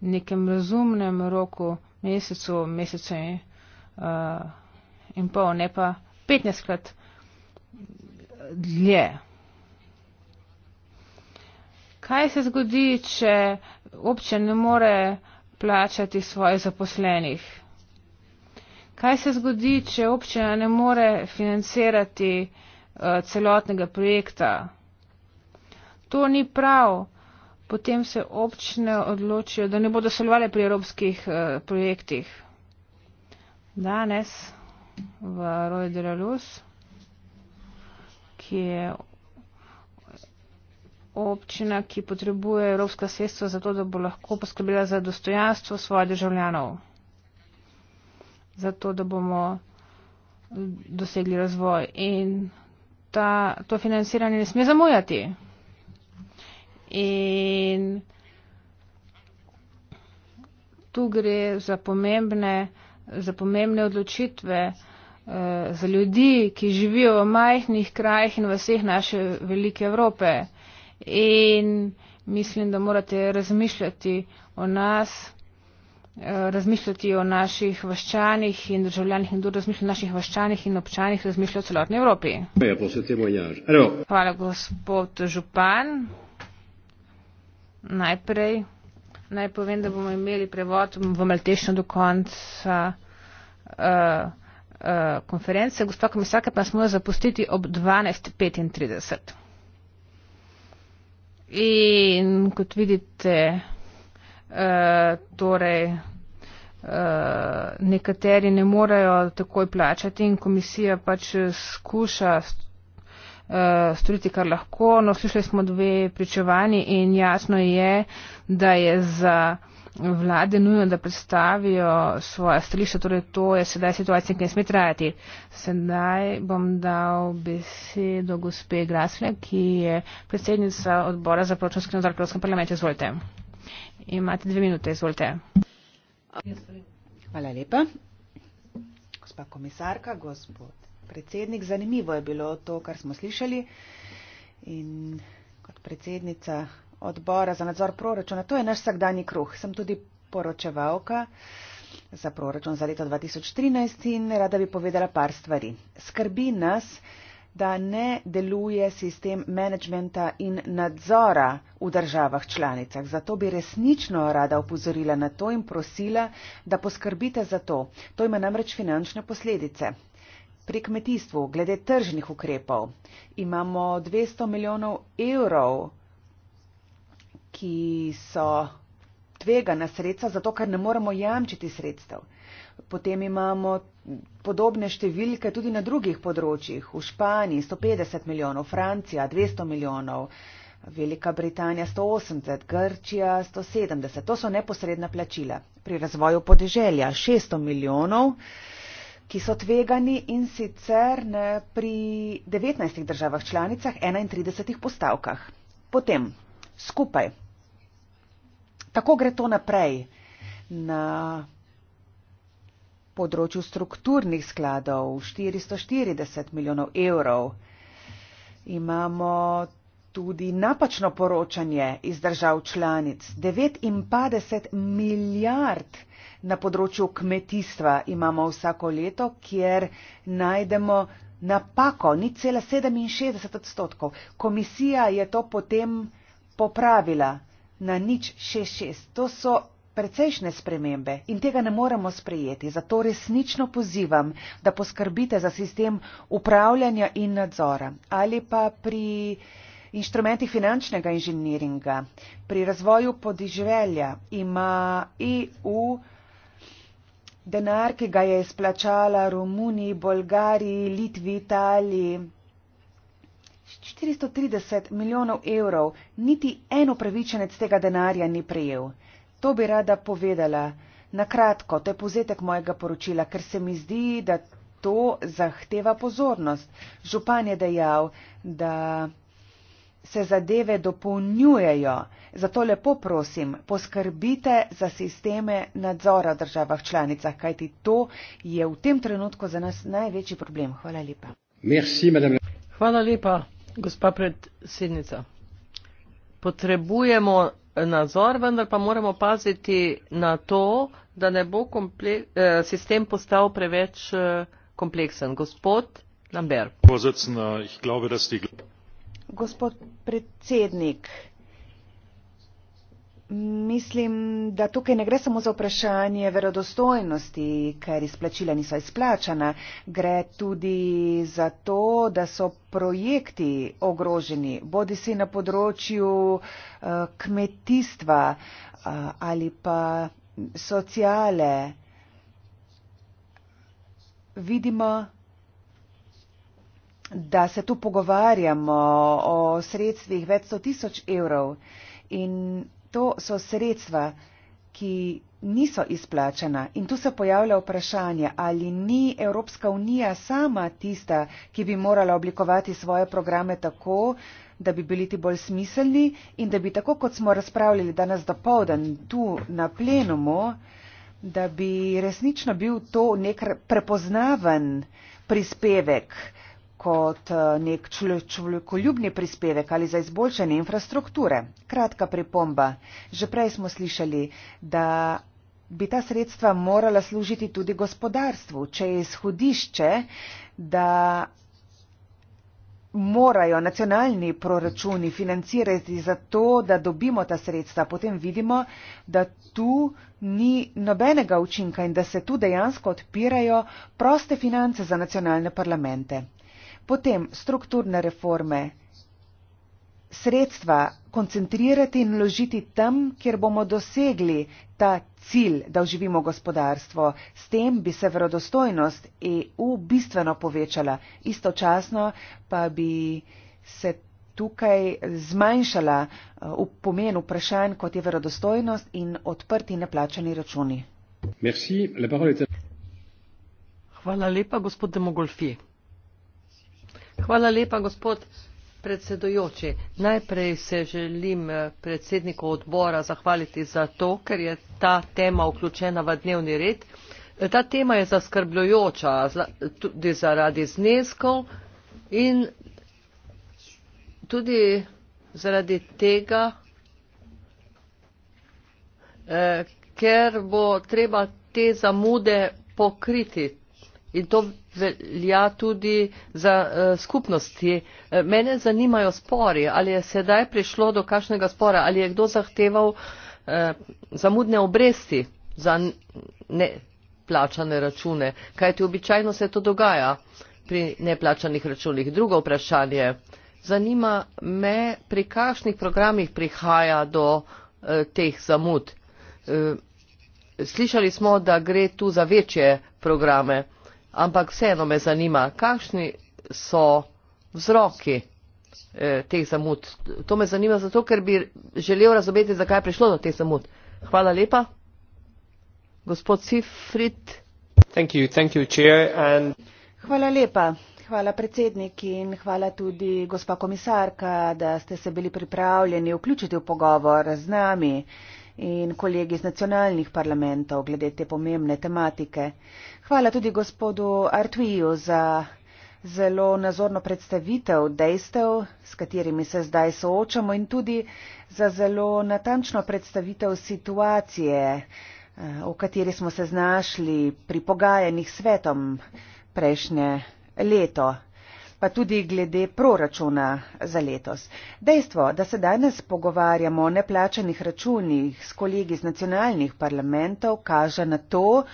nekem razumnem roku, mesecu, mesecu in, uh, in pol, ne pa 15krat dlje. Kaj se zgodi, če občina ne more plačati svojih zaposlenih? Kaj se zgodi, če občina ne more financirati uh, celotnega projekta? to ni prav. Potem se občine odločijo, da ne bodo sodelovali pri evropskih eh, projektih. Danes v Rojderalus, ki je občina, ki potrebuje evropska sredstva za to, da bo lahko poskrbila za dostojanstvo svojih državljanov, za to, da bomo eh, dosegli razvoj. In ta, to financiranje ne sme zamujati in tu gre za pomembne, za pomembne odločitve eh, za ljudi, ki živijo v majhnih krajih in vseh naše velike Evrope. In mislim, da morate razmišljati o nas, eh, razmišljati o naših vaščanih in državljanih in tudi razmišljati o naših vaščanih in občanih, razmišljati o celotni Evropi. Hvala, gospod Župan najprej naj povem, da bomo imeli prevod v Maltešnjo do konca uh, uh, konference. Gospa komisarka pa nas mora zapustiti ob 12.35. In kot vidite, uh, torej. Uh, nekateri ne morejo takoj plačati in komisija pač skuša Eh, storiti, kar lahko. No, slišali smo dve pričevanji in jasno je, da je za vlade nujno, da predstavijo svoje stališče, torej to je sedaj situacija, ki ne sme trajati. Sedaj bom dal besedo gospe Grasle, ki je predsednica odbora za pročnost in odbor v parlamentu. Izvolite. Imate dve minute, izvolite. Hvala lepa. Gospa komisarka, gospod predsednik. Zanimivo je bilo to, kar smo slišali. In kot predsednica odbora za nadzor proračuna, to je naš vsakdani kruh. Sem tudi poročevalka za proračun za leto 2013 in rada bi povedala par stvari. Skrbi nas, da ne deluje sistem menedžmenta in nadzora v državah članicah. Zato bi resnično rada opozorila na to in prosila, da poskrbite za to. To ima namreč finančne posledice pri kmetijstvu, glede tržnih ukrepov. Imamo 200 milijonov evrov, ki so tvegana sredstva, zato ker ne moremo jamčiti sredstev. Potem imamo podobne številke tudi na drugih področjih. V Španiji 150 milijonov, Francija 200 milijonov, Velika Britanija 180, Grčija 170. To so neposredna plačila. Pri razvoju podeželja 600 milijonov. Uh, ki so tvegani in sicer ne, pri 19 državah članicah, 31 postavkah. Potem skupaj. Tako gre to naprej na področju strukturnih skladov 440 milijonov evrov. Imamo tudi napačno poročanje iz držav članic. 59 milijard na področju kmetijstva imamo vsako leto, kjer najdemo napako, ni cela 67 odstotkov. Komisija je to potem popravila na nič 6,6. To so precejšnje spremembe in tega ne moremo sprejeti. Zato resnično pozivam, da poskrbite za sistem upravljanja in nadzora ali pa pri inštrumentih finančnega inženiringa. Pri razvoju podiželja ima EU denar, ki ga je izplačala Romuniji, Bolgariji, Litvi, Italiji. 430 milijonov evrov, niti en upravičenec tega denarja ni prejel. To bi rada povedala. Na kratko, to je povzetek mojega poročila, ker se mi zdi, da to zahteva pozornost. Župan je dejal, da se zadeve dopolnjujejo, zato lepo prosim, poskrbite za sisteme nadzora v državah članicah, kajti to je v tem trenutku za nas največji problem. Hvala lepa. Merci, Hvala lepa, gospa predsednica. Potrebujemo nadzor, vendar pa moramo paziti na to, da ne bo eh, sistem postal preveč eh, kompleksen. Gospod Lambert gospod predsednik mislim da tukaj ne gre samo za vprašanje verodostojnosti ker izplačila niso izplačana gre tudi za to da so projekti ogroženi bodi si na področju eh, kmetijstva eh, ali pa sociale vidimo da se tu pogovarjamo o sredstvih več sto tisoč evrov in to so sredstva, ki niso izplačena. In tu se pojavlja vprašanje, ali ni Evropska unija sama tista, ki bi morala oblikovati svoje programe tako, da bi bili ti bolj smiselni in da bi tako, kot smo razpravljali danes dopovdan tu na plenumu, da bi resnično bil to nek prepoznaven prispevek, uh, kot eh, nek človekoljubni prispevek ali za izboljšanje infrastrukture. Kratka pripomba. Že prej smo slišali, da bi ta sredstva morala služiti tudi gospodarstvu, če je izhodišče, da morajo nacionalni proračuni financirati za to, da dobimo ta sredstva, potem vidimo, da tu ni nobenega učinka in da se tu dejansko odpirajo proste finance za nacionalne parlamente potem strukturne reforme, sredstva koncentrirati in ložiti tam, kjer bomo dosegli ta cilj, da oživimo gospodarstvo. S tem bi se verodostojnost EU bistveno povečala, istočasno pa bi se tukaj zmanjšala uh, v pomenu vprašanj, kot je verodostojnost in odprti neplačani računi. Merci, Hvala lepa, gospod Demogolfi. Hvala lepa, gospod predsedujoči. Najprej se želim eh, predsedniku odbora zahvaliti za to, ker je ta tema vključena v dnevni red. Eh, ta tema je zaskrbljujoča tudi zaradi zneskov in tudi zaradi tega, eh, ker bo treba te zamude pokriti In to velja tudi za uh, skupnosti. Eh, mene zanimajo spori, ali je sedaj prišlo do kakšnega spora, ali je kdo zahteval uh, zamudne obresti za neplačane račune. Kaj ti običajno se to dogaja pri neplačanih računih? Drugo vprašanje. Zanima me, pri kakšnih programih prihaja do uh, teh zamud. Uh, slišali smo, da gre tu za večje programe ampak vseeno me zanima, kakšni so vzroki eh, teh zamud. To me zanima zato, ker bi želel razumeti, zakaj je prišlo do teh zamud. Hvala lepa. Gospod Sifrit. Thank you, thank you, and... Hvala lepa. Hvala predsednik in hvala tudi gospa komisarka, da ste se bili pripravljeni vključiti v pogovor z nami in kolegi iz nacionalnih parlamentov glede te pomembne tematike. Hvala tudi gospodu Artuiju za zelo nazorno predstavitev dejstev, s katerimi se zdaj soočamo in tudi za zelo natančno predstavitev situacije, eh, v kateri smo se znašli pri pogajanjih svetom prejšnje leto pa tudi glede proračuna za letos. Dejstvo, da se danes pogovarjamo o neplačanih računih s kolegi iz nacionalnih parlamentov, kaže na to,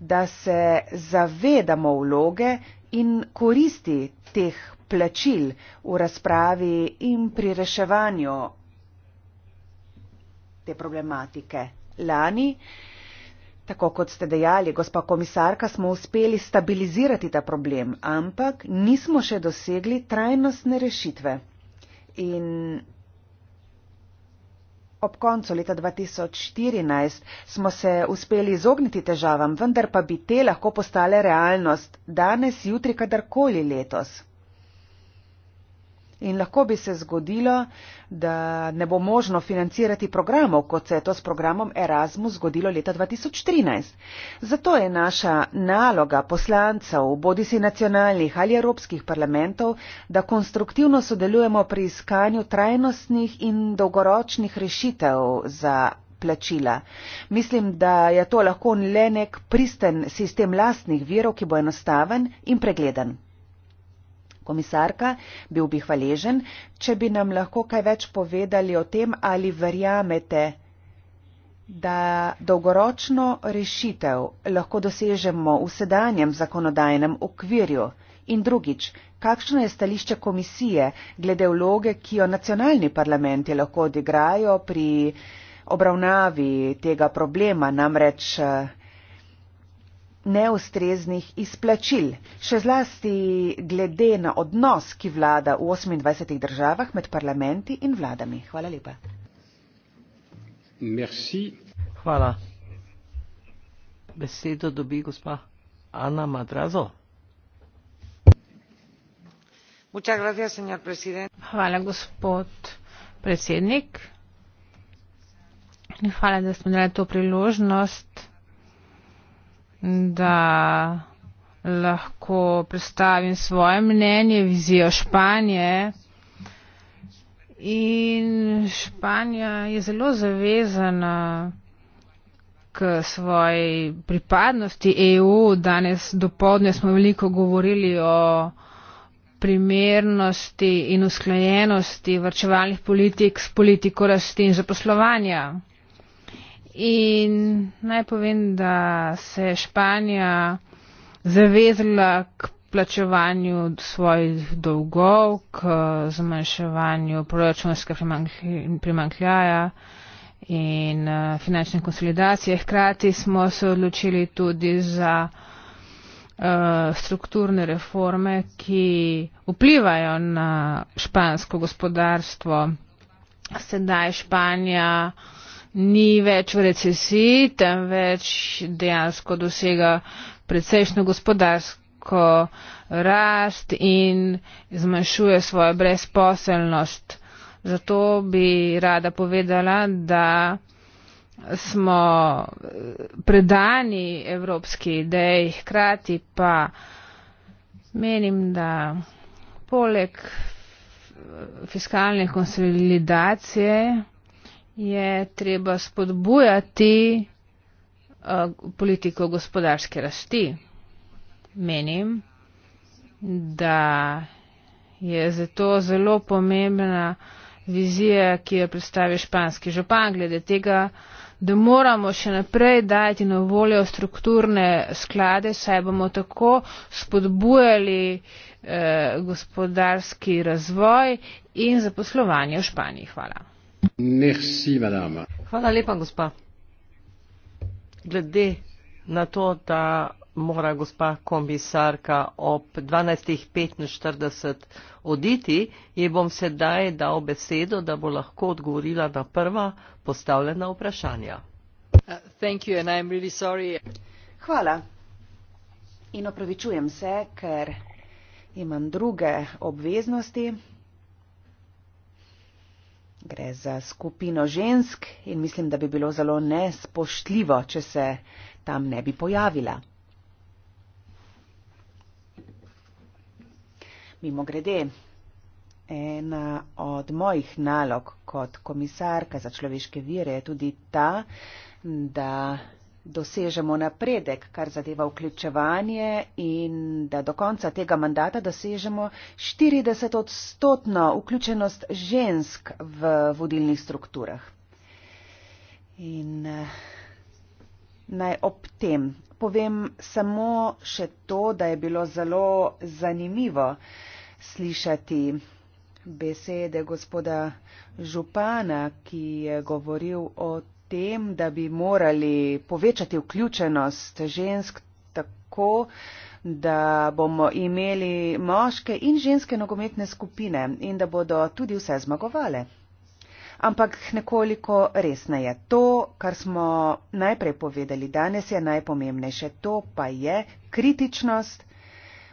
da se zavedamo vloge in koristi teh plačil v razpravi in pri reševanju te problematike. Lani Tako kot ste dejali, gospa komisarka, smo uspeli stabilizirati ta problem, ampak nismo še dosegli trajnostne rešitve. In ob koncu leta 2014 smo se uspeli izogniti težavam, vendar pa bi te lahko postale realnost danes, jutri, kadarkoli letos. In lahko bi se zgodilo, da ne bo možno financirati programov, kot se je to s programom Erasmus zgodilo leta 2013. Zato je naša naloga poslancev, bodi si nacionalnih ali evropskih parlamentov, da konstruktivno sodelujemo pri iskanju trajnostnih in dolgoročnih rešitev za. Plačila. Mislim, da je to lahko le nek pristen sistem lastnih virov, ki bo enostaven in pregleden. Komisarka, bil bi hvaležen, če bi nam lahko kaj več povedali o tem, ali verjamete, da dolgoročno rešitev lahko dosežemo v sedanjem zakonodajnem okvirju. In drugič, kakšno je stališče komisije glede vloge, ki jo nacionalni parlamenti lahko odigrajo pri obravnavi tega problema, namreč eh, neustreznih izplačil, še zlasti glede na odnos, ki vlada v 28 državah med parlamenti in vladami. Hvala lepa. Merci. Hvala. Besedo dobi gospa Ana Madrazo. Hvala, gospod predsednik. Hvala, da ste mi dali to priložnost da lahko predstavim svoje mnenje, vizijo Španije. In Španija je zelo zavezana k svoji pripadnosti EU. Danes dopoledne smo veliko govorili o primernosti in usklajenosti vrčevalnih politik s politiko rasti in zaposlovanja. In naj povem, da se je Španija zavezala k plačevanju svojih dolgov, k zmanjševanju proračunske primankljaja in eh, finančne konsolidacije. Hkrati smo se odločili tudi za eh, strukturne reforme, ki vplivajo na špansko gospodarstvo. Sedaj Španija uh, ni več v recesiji, temveč dejansko dosega precejšno gospodarsko rast in zmanjšuje svojo brezposelnost. Zato bi rada povedala, da smo eh, predani evropski ideji, hkrati pa menim, da poleg eh, fiskalne konsolidacije je treba spodbujati eh, politiko gospodarske rasti. Menim, da je zato zelo pomembna vizija, ki jo predstavi španski župan, glede tega, da moramo še naprej dajati na voljo strukturne sklade, saj bomo tako spodbujali eh, gospodarski razvoj in zaposlovanje v Španiji. Hvala. Merci, Hvala lepa, gospa. Glede na to, da mora gospa komisarka ob 12.45 oditi, ji bom sedaj dal besedo, da bo lahko odgovorila na prva postavljena vprašanja. Uh, you, really Hvala. In opravičujem se, ker imam druge obveznosti. Gre za skupino žensk in mislim, da bi bilo zelo nespoštljivo, če se tam ne bi pojavila. Mimo grede, ena od mojih nalog kot komisarka za človeške vire je tudi ta, da dosežemo napredek, kar zadeva vključevanje in da do konca tega mandata dosežemo 40 odstotno vključenost žensk v vodilnih strukturah. In eh, naj ob tem povem samo še to, da je bilo zelo zanimivo slišati besede gospoda župana, ki je govoril o tem, da bi morali povečati vključenost žensk tako, da bomo imeli moške in ženske nogometne skupine in da bodo tudi vse zmagovale. Ampak nekoliko resneje. To, kar smo najprej povedali danes, je najpomembnejše. To pa je kritičnost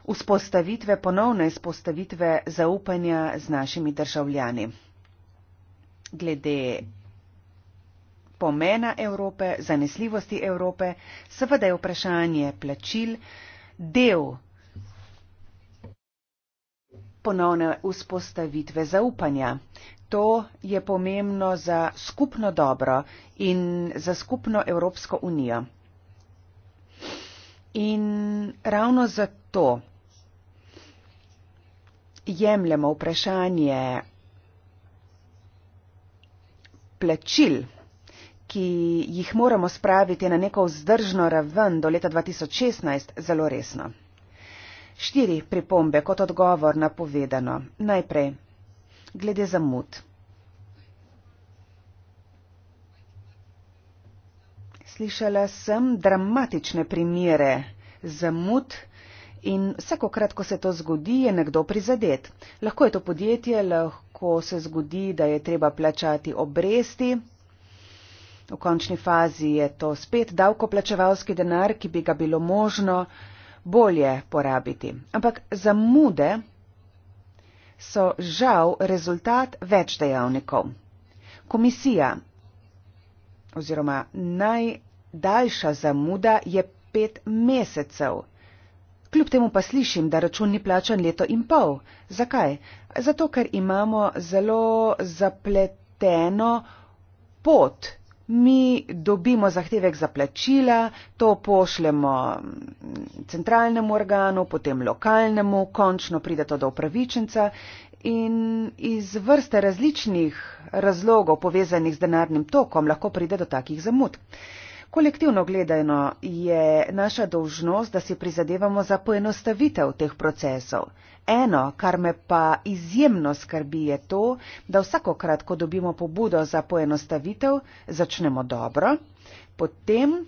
vzpostavitve, ponovne vzpostavitve zaupanja z našimi državljani. Glede pomena Evrope, zanesljivosti Evrope, seveda je vprašanje plačil del ponovne vzpostavitve zaupanja. To je pomembno za skupno dobro in za skupno Evropsko unijo. In ravno zato jemljemo vprašanje plačil ki jih moramo spraviti na neko vzdržno raven do leta 2016, zelo resno. Štiri pripombe kot odgovor na povedano. Najprej, glede zamud. Slišala sem dramatične primere zamud in vsakokrat, ko se to zgodi, je nekdo prizadet. Lahko je to podjetje, lahko se zgodi, da je treba plačati obresti, V končni fazi je to spet davkoplačevalski denar, ki bi ga bilo možno bolje porabiti. Ampak zamude so žal rezultat več dejavnikov. Komisija oziroma najdaljša zamuda je pet mesecev. Kljub temu pa slišim, da račun ni plačan leto in pol. Zakaj? Zato, ker imamo zelo zapleteno pot mi dobimo zahtevek za plačila, to pošljemo centralnemu organu, potem lokalnemu, končno pride to do upravičenca in iz vrste različnih razlogov povezanih z denarnim tokom lahko pride do takih zamud. Kolektivno gledano je naša dolžnost, da si prizadevamo za poenostavitev teh procesov. Eno, kar me pa izjemno skrbi, je to, da vsakokrat, ko dobimo pobudo za poenostavitev, začnemo dobro, potem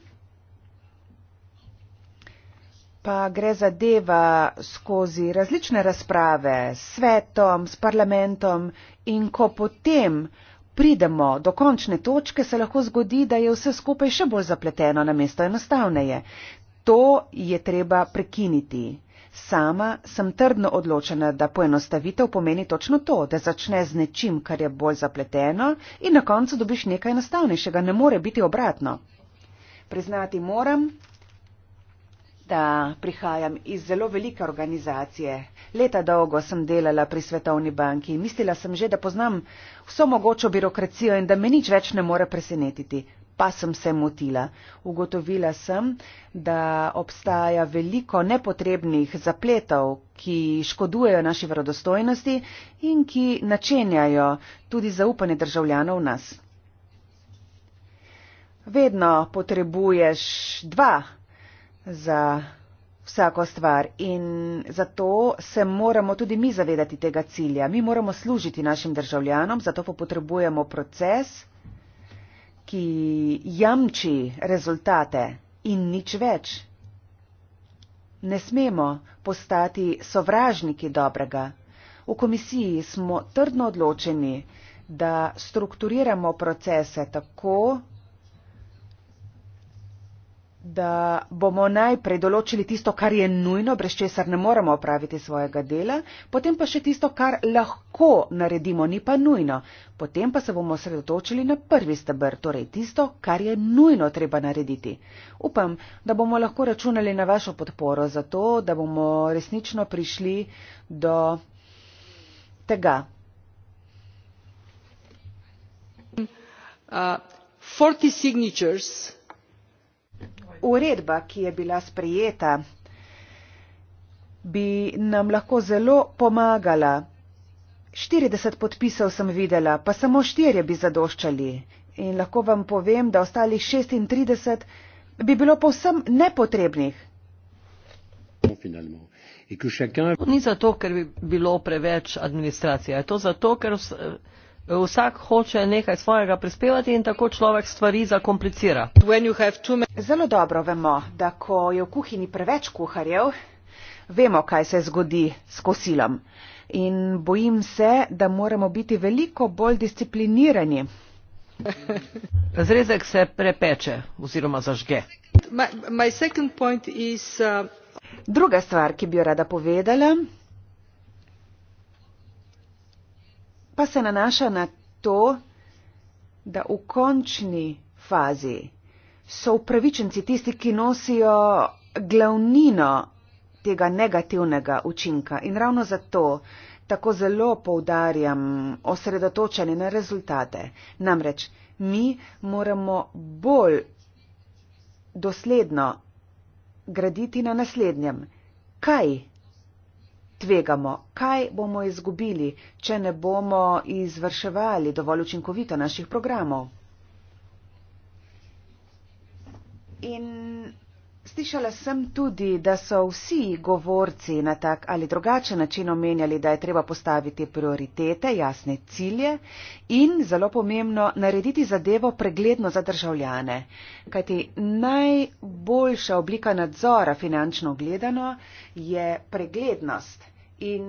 pa gre zadeva skozi različne razprave s svetom, s parlamentom in ko potem pridemo do končne točke, se lahko zgodi, da je vse skupaj še bolj zapleteno na mesto enostavneje. To je treba prekiniti. Sama sem trdno odločena, da poenostavitev pomeni točno to, da začneš z nečim, kar je bolj zapleteno in na koncu dobiš nekaj enostavnejšega. Ne more biti obratno. Priznati moram, leta prihajam iz zelo velike organizacije. Leta dolgo sem delala pri Svetovni banki. Mislila sem že, da poznam vso mogočo birokracijo in da me nič več ne more presenetiti. Pa sem se motila. Ugotovila sem, da obstaja veliko nepotrebnih zapletov, ki škodujejo naši verodostojnosti in ki načenjajo tudi zaupanje državljanov v nas. Vedno potrebuješ dva za vsako stvar in zato se moramo tudi mi zavedati tega cilja. Mi moramo služiti našim državljanom, zato pa potrebujemo proces, ki jamči rezultate in nič več. Ne smemo postati sovražniki dobrega. V komisiji smo trdno odločeni, da strukturiramo procese tako, da bomo najprej določili tisto, kar je nujno, brez česar ne moremo opraviti svojega dela, potem pa še tisto, kar lahko naredimo, ni pa nujno. Potem pa se bomo sredotočili na prvi stebr, torej tisto, kar je nujno treba narediti. Upam, da bomo lahko računali na vašo podporo za to, da bomo resnično prišli do tega. Uh, 40 signatures uredba, ki je bila sprejeta, bi nam lahko zelo pomagala. 40 podpisov sem videla, pa samo 4 bi zadoščali. In lahko vam povem, da ostalih 36 bi bilo povsem nepotrebnih. To ni zato, ker bi bilo preveč administracije. Je to zato, ker vsak hoče nekaj svojega prispevati in tako človek stvari zakomplicira. Zelo dobro vemo, da ko je v kuhinji preveč kuharjev, vemo, kaj se zgodi s kosilom. In bojim se, da moramo biti veliko bolj disciplinirani. Zrezek se prepeče oziroma zažge. My, my is, uh... Druga stvar, ki bi jo rada povedala, pa se nanaša na to, da v končni fazi so upravičenci tisti, ki nosijo glavnino tega negativnega učinka. In ravno zato tako zelo poudarjam osredotočanje na rezultate. Namreč mi moramo bolj dosledno graditi na naslednjem. Kaj tvegamo, kaj bomo izgubili, če ne bomo izvrševali dovolj učinkovito naših programov. In slišala sem tudi, da so vsi govorci na tak ali drugačen način omenjali, da je treba postaviti prioritete, jasne cilje in, zelo pomembno, narediti zadevo pregledno za državljane. Kajti najboljša oblika nadzora finančno gledano je preglednost in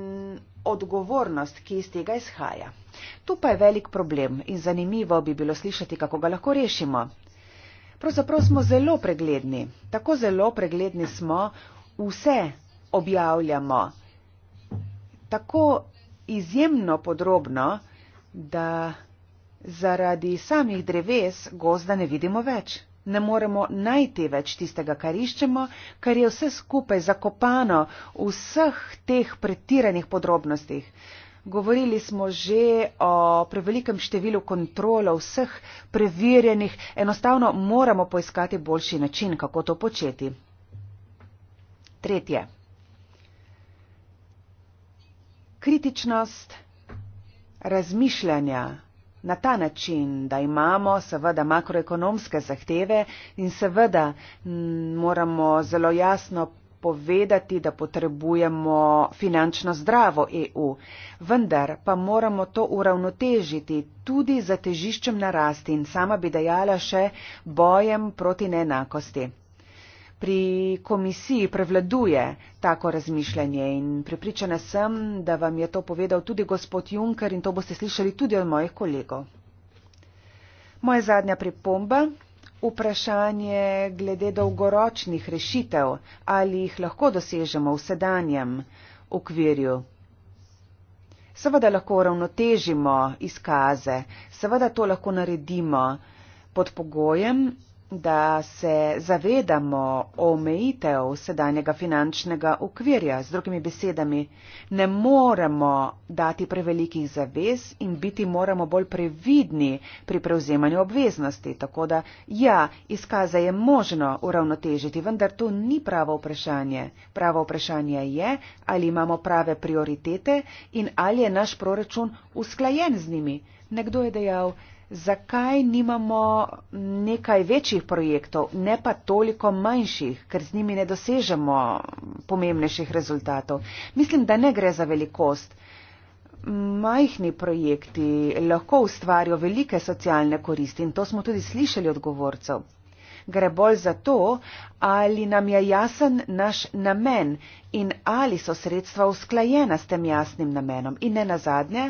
odgovornost, ki iz tega izhaja. Tu pa je velik problem in zanimivo bi bilo slišati, kako ga lahko rešimo. Pravzaprav smo zelo pregledni, tako zelo pregledni smo, vse objavljamo tako izjemno podrobno, da zaradi samih dreves gozda ne vidimo več ne moremo najti več tistega, kar iščemo, ker je vse skupaj zakopano v vseh teh pretiranih podrobnostih. Govorili smo že o prevelikem številu kontrola vseh preverjenih, enostavno moramo poiskati boljši način, kako to početi. Tretje. Kritičnost razmišljanja na ta način, da imamo seveda makroekonomske zahteve in seveda moramo zelo jasno povedati, da potrebujemo finančno zdravo EU. Vendar pa moramo to uravnotežiti tudi za težiščem narasti in sama bi dejala še bojem proti neenakosti pri komisiji prevladuje tako razmišljanje in prepričana sem, da vam je to povedal tudi gospod Juncker in to boste slišali tudi od mojih kolegov. Moja zadnja pripomba. Vprašanje glede dolgoročnih rešitev, ali jih lahko dosežemo v sedanjem okvirju. Seveda lahko ravnotežimo izkaze, seveda to lahko naredimo pod pogojem, da se zavedamo omejitev sedanjega finančnega ukvirja. Z drugimi besedami, ne moremo dati prevelikih zavez in biti moramo bolj previdni pri prevzemanju obveznosti. Tako da, ja, izkaza je možno uravnotežiti, vendar to ni pravo vprašanje. Pravo vprašanje je, ali imamo prave prioritete in ali je naš proračun usklajen z njimi. Nekdo je dejal, zakaj nimamo nekaj večjih projektov, ne pa toliko manjših, ker z njimi ne dosežemo pomembnejših rezultatov. Mislim, da ne gre za velikost. Majhni projekti lahko ustvarijo velike socialne koristi in to smo tudi slišali od govorcev. Gre bolj za to, ali nam je jasen naš namen in ali so sredstva usklajena s tem jasnim namenom. In ne nazadnje,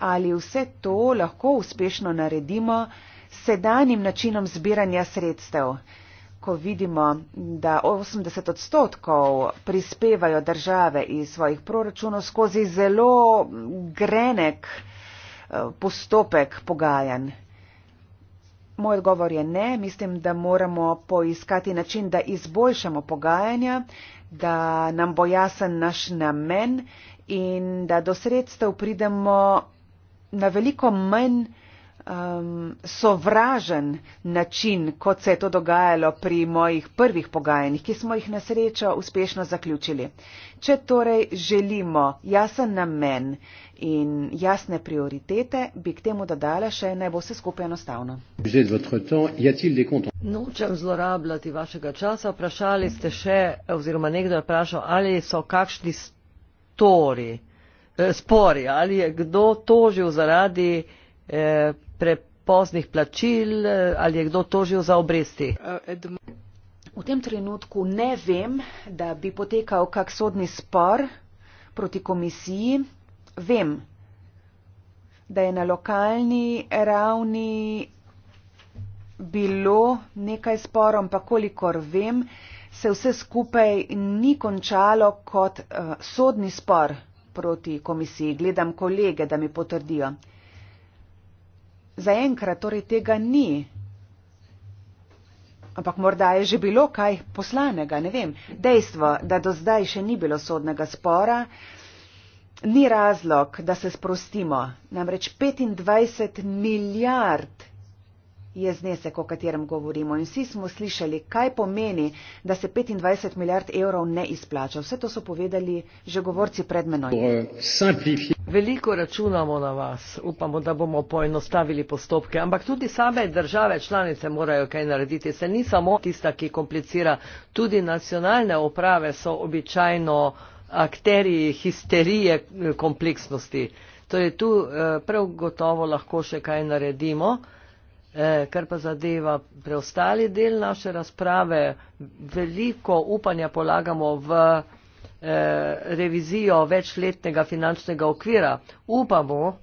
ali vse to lahko uspešno naredimo s sedanjim načinom zbiranja sredstev, ko vidimo, da 80 odstotkov prispevajo države iz svojih proračunov skozi zelo grenek eh, postopek pogajanj. Moj odgovor je ne, mislim, da moramo poiskati način, da izboljšamo pogajanja, da nam bo jasen naš namen in da do sredstev pridemo na veliko manj um, sovražen način, kot se je to dogajalo pri mojih prvih pogajanjih, ki smo jih na srečo uspešno zaključili. Če torej želimo jasen namen in jasne prioritete, bi k temu dodala še naj bo vse skupaj enostavno. Nočem zlorabljati vašega časa. Vprašali ste še, oziroma nekdo je vprašal, ali so kakšni stori. Eh, spori, ali je kdo tožil zaradi eh, prepoznih plačil, eh, ali je kdo tožil za obresti. V tem trenutku ne vem, da bi potekal kak sodni spor proti komisiji. Vem, da je na lokalni ravni bilo nekaj sporom, pa kolikor vem, se vse skupaj ni končalo kot uh, sodni spor proti komisiji, gledam kolege, da mi potrdijo. Zaenkrat torej tega ni. Ampak morda je že bilo kaj poslanega, ne vem. Dejstvo, da do zdaj še ni bilo sodnega spora, ni razlog, da se sprostimo. Namreč 25 milijard je znesek, o katerem govorimo. In vsi smo slišali, kaj pomeni, da se 25 milijard evrov ne izplača. Vse to so povedali že govorci pred menoj. Veliko računamo na vas, upamo, da bomo poenostavili postopke, ampak tudi same države članice morajo kaj narediti. Se ni samo tista, ki komplicira, tudi nacionalne uprave so običajno akteri histerije eh, kompleksnosti. Torej tu eh, prav gotovo lahko še kaj naredimo. Eh, kar pa zadeva preostali del naše razprave, veliko upanja polagamo v eh, revizijo večletnega finančnega okvira. Upamo,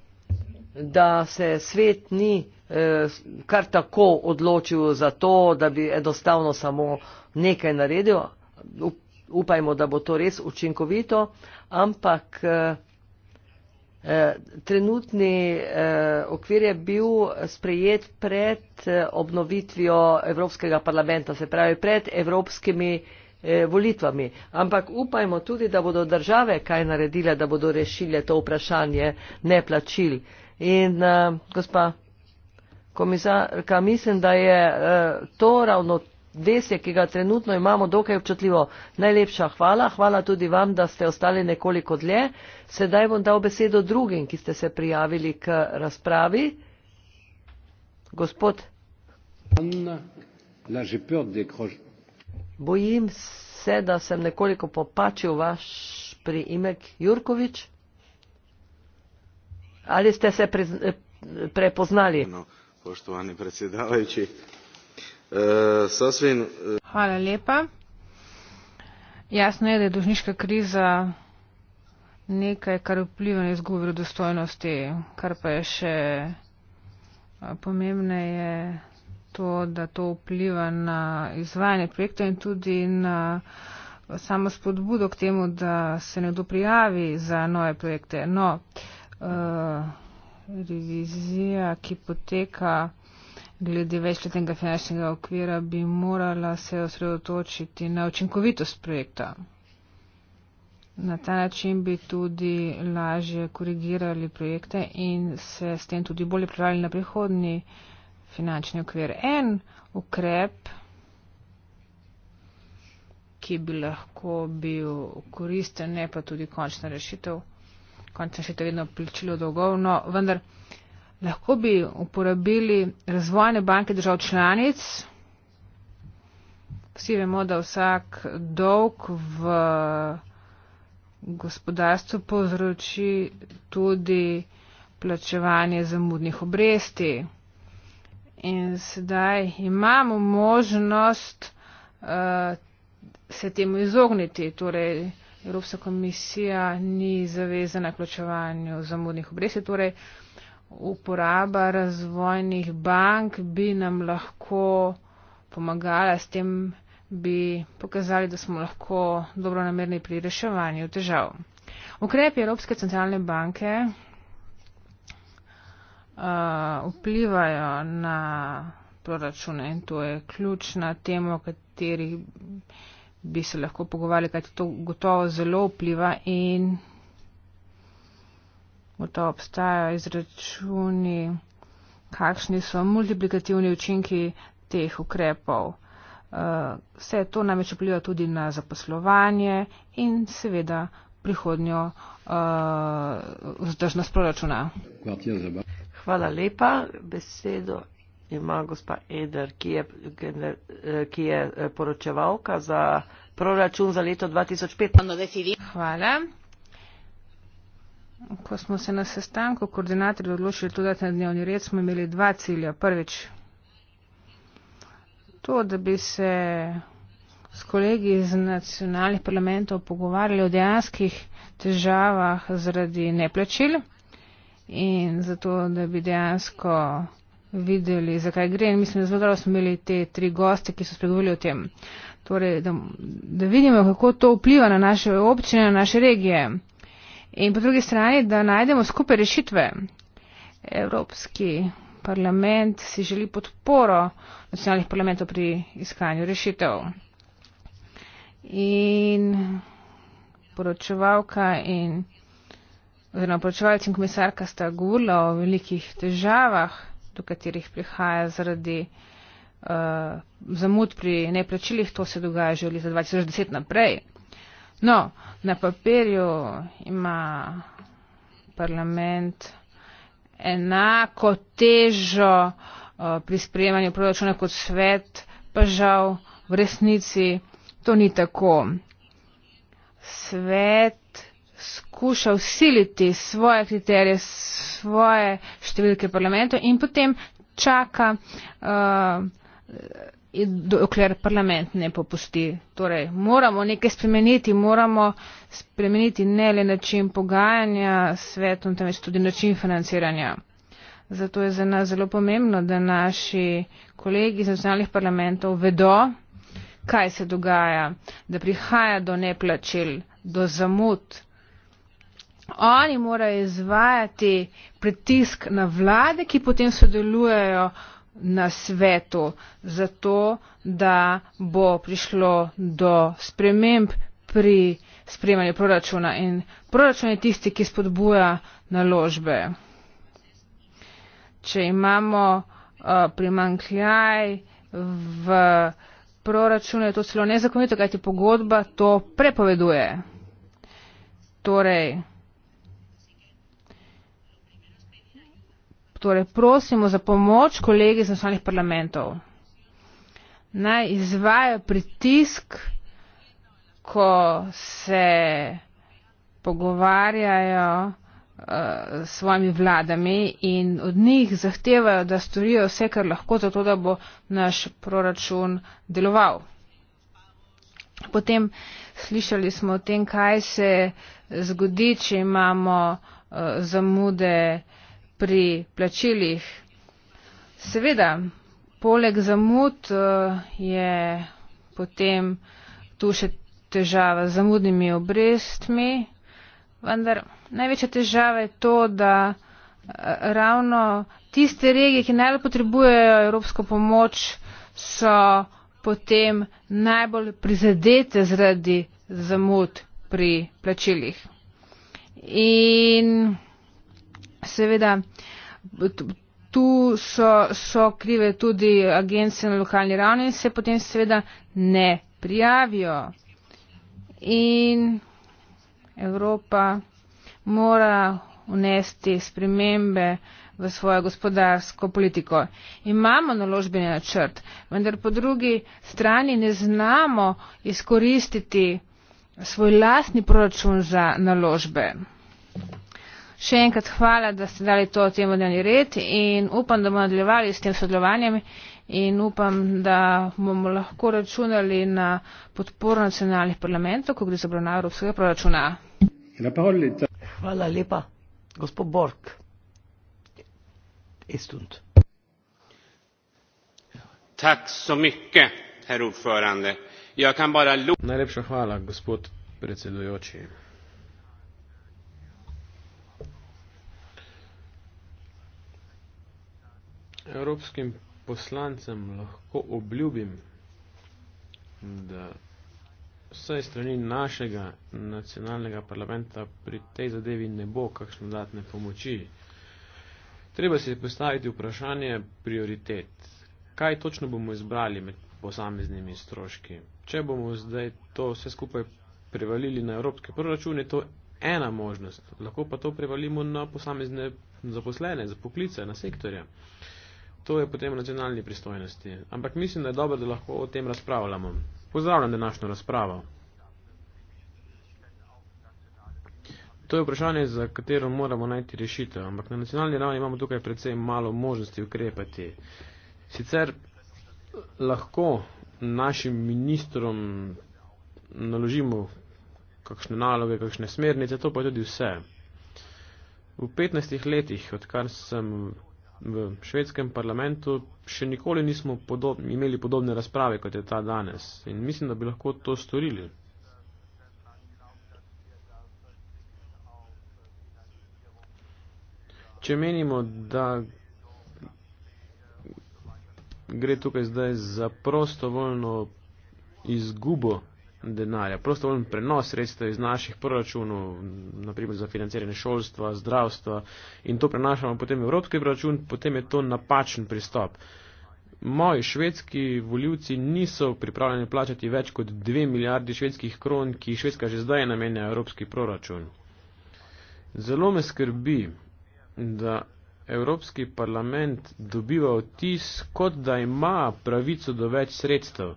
da se svet ni eh, kar tako odločil za to, da bi enostavno samo nekaj naredil. Upajmo, da bo to res učinkovito, ampak Eh, trenutni eh, okvir je bil sprejet pred eh, obnovitvijo Evropskega parlamenta, se pravi pred evropskimi volitvami. Ampak upajmo tudi, da bodo države kaj naredile, da bodo rešile to vprašanje neplačil. In gospa komisarka, mislim, da je to ravno vesje, ki ga trenutno imamo, dokaj občutljivo. Najlepša hvala, hvala tudi vam, da ste ostali nekoliko dlje. Sedaj bom dal besedo drugim, ki ste se prijavili k razpravi. Gospod. Bojim se, da sem nekoliko popačil vaš priimek Jurkovič. Ali ste se prepoznali? No, poštovani predsedavajući, Eh, eh, Hvala lepa. Jasno je, da je dožniška kriza nekaj, kar vpliva na izgubo dostojnosti, kar pa je še eh, pomembneje to, da to vpliva na izvajanje projekta in tudi na samo spodbudo k temu, da se nekdo prijavi za nove projekte. No, uh, revizija, ki poteka glede večletnega finančnega okvira bi morala se osredotočiti na učinkovitost projekta. Na ta način bi tudi lažje korigirali projekte in se s tem tudi bolje pripravili na prihodni finančni okvir. En ukrep, ki bi lahko bil koristen, ne pa tudi končna rešitev, končna rešitev je vedno plačilo dolgovno, vendar. Uh, lahko bi uporabili razvojne banke držav članic. Vsi vemo, da vsak dolg v gospodarstvu povzroči tudi plačevanje zamudnih obresti. In sedaj imamo možnost uh, se temu izogniti. Torej, Evropska komisija ni zavezana k plačevanju zamudnih obresti. Torej, uh, uporaba razvojnih bank bi nam lahko pomagala, s tem bi pokazali, da smo lahko dobronamerni pri reševanju težav. Ukrepi Evropske centralne banke uh, vplivajo na proračune in to je ključna tema, o kateri bi se lahko pogovarjali, kaj to gotovo zelo vpliva in da obstajajo izračuni, kakšni so multiplikativni učinki teh ukrepov. Eh, vse to namreč vpliva tudi na zaposlovanje in seveda prihodnjo eh, vzdržnost proračuna. Hvala lepa. Besedo ima gospa Eder, ki je, eh, ki je poročevalka za proračun za leto 2015. Hvala ko smo se na sestanku koordinatorji odločili to dati na dnevni red, smo imeli dva cilja. Prvič, to, da bi se s kolegi iz nacionalnih parlamentov pogovarjali o dejanskih težavah zaradi neplačil in zato, da bi dejansko videli, zakaj gre. In mislim, da zelo dobro smo imeli te tri goste, ki so spregovorili o tem. Torej, da, da vidimo, kako to vpliva na naše občine, na naše regije in po drugi strani, da najdemo skupaj rešitve. Evropski parlament si želi podporo nacionalnih parlamentov pri iskanju rešitev. In poročevalka in oziroma poročevalec in komisarka sta govorila o velikih težavah, do katerih prihaja zaradi uh, zamud pri neplačilih. To se dogaja že od leta 2010 naprej. No, na papirju ima parlament enako težo uh, pri sprejemanju proračuna kot svet, pa žal v resnici to ni tako. Svet skuša usiliti svoje kriterije, svoje številke parlamentu in potem čaka. Uh, dokler parlament ne popusti. Torej, moramo nekaj spremeniti, moramo spremeniti ne le način pogajanja s svetom, temveč tudi način financiranja. Zato je za nas zelo pomembno, da naši kolegi iz nacionalnih parlamentov vedo, kaj se dogaja, da prihaja do neplačil, do zamud. Oni morajo izvajati pritisk na vlade, ki potem sodelujejo na svetu, zato da bo prišlo do sprememb pri spremanju proračuna in proračun je tisti, ki spodbuja naložbe. Če imamo uh, primankljaj v proračunu, je to celo nezakonito, kajti pogodba to prepoveduje. Torej, Torej, prosimo za pomoč kolege iz nacionalnih parlamentov. Naj izvajo pritisk, ko se pogovarjajo uh, s svojimi vladami in od njih zahtevajo, da storijo vse, kar lahko, zato da bo naš proračun deloval. Potem slišali smo o tem, kaj se zgodi, če imamo uh, zamude. Uh, pri plačilih. Seveda, poleg zamud eh, je potem tu še težava z zamudnimi obrestmi, vendar največja težava je to, da eh, ravno tiste regije, ki najbolj potrebujejo evropsko pomoč, so potem najbolj prizadete zaradi zamud pri plačilih. In seveda tu so, so krive tudi agencije na lokalni ravni in se potem seveda ne prijavijo. In Evropa mora unesti spremembe v svojo gospodarsko politiko. Imamo naložbeni načrt, vendar po drugi strani ne znamo izkoristiti svoj lastni proračun za naložbe. Še enkrat hvala, da ste dali to temo dnevni red in upam, da bomo nadaljevali s tem sodelovanjem in upam, da bomo lahko računali na podporo nacionalnih parlamentov, ko gre za obravnavo evropskega proračuna. Hvala lepa, gospod Bork. Estund. Tak so mihke, herr Uferande. Najlepša hvala, gospod predsedujoči. evropskim poslancem lahko obljubim, da vsaj strani našega nacionalnega parlamenta pri tej zadevi ne bo kakšne dodatne pomoči. Treba se postaviti vprašanje prioritet. Kaj točno bomo izbrali med posameznimi stroški? Če bomo zdaj to vse skupaj prevalili na evropske proračune, to ena možnost. Lahko pa to prevalimo na posamezne zaposlene, za poklice, na sektorje. Uh, To je potem nacionalni pristojnosti. Ampak mislim, da je dobro, da lahko o tem razpravljamo. Pozdravljam današnjo razpravo. To je vprašanje, za katero moramo najti rešitev, ampak na nacionalni ravni imamo tukaj predvsem malo možnosti ukrepati. Sicer lahko našim ministrom naložimo kakšne naloge, kakšne smernice, to pa je tudi vse. V 15 letih, odkar sem v švedskem parlamentu še nikoli nismo podob, imeli podobne razprave, kot je ta danes. In mislim, da bi lahko to storili. Če menimo, da gre tukaj zdaj za prostovoljno izgubo denarja. Prostovoljen prenos sredstev iz naših proračunov, naprimer za financiranje šolstva, zdravstva in to prenašamo potem v evropski proračun, potem je to napačen pristop. Moji švedski voljivci niso pripravljeni plačati več kot 2 milijardi švedskih kron, ki jih Švedska že zdaj namenja evropski proračun. Zelo me skrbi, da Evropski parlament dobiva vtis, kot da ima pravico do več sredstev.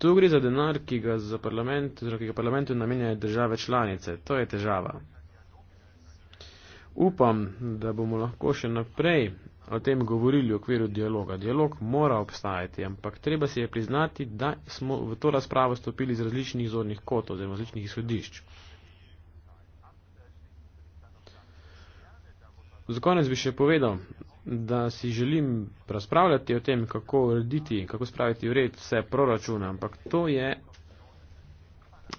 Tu gre za denar, ki ga za parlament, ki ga parlamentu namenjajo države članice. To je težava. Upam, da bomo lahko še naprej o tem govorili v okviru dialoga. Dialog mora obstajati, ampak treba se je priznati, da smo v to razpravo stopili z različnih zornih kotov, z različnih izhodišč. Za konec bi še povedal, da si želim razpravljati o tem, kako urediti, kako spraviti v red vse proračune, ampak to je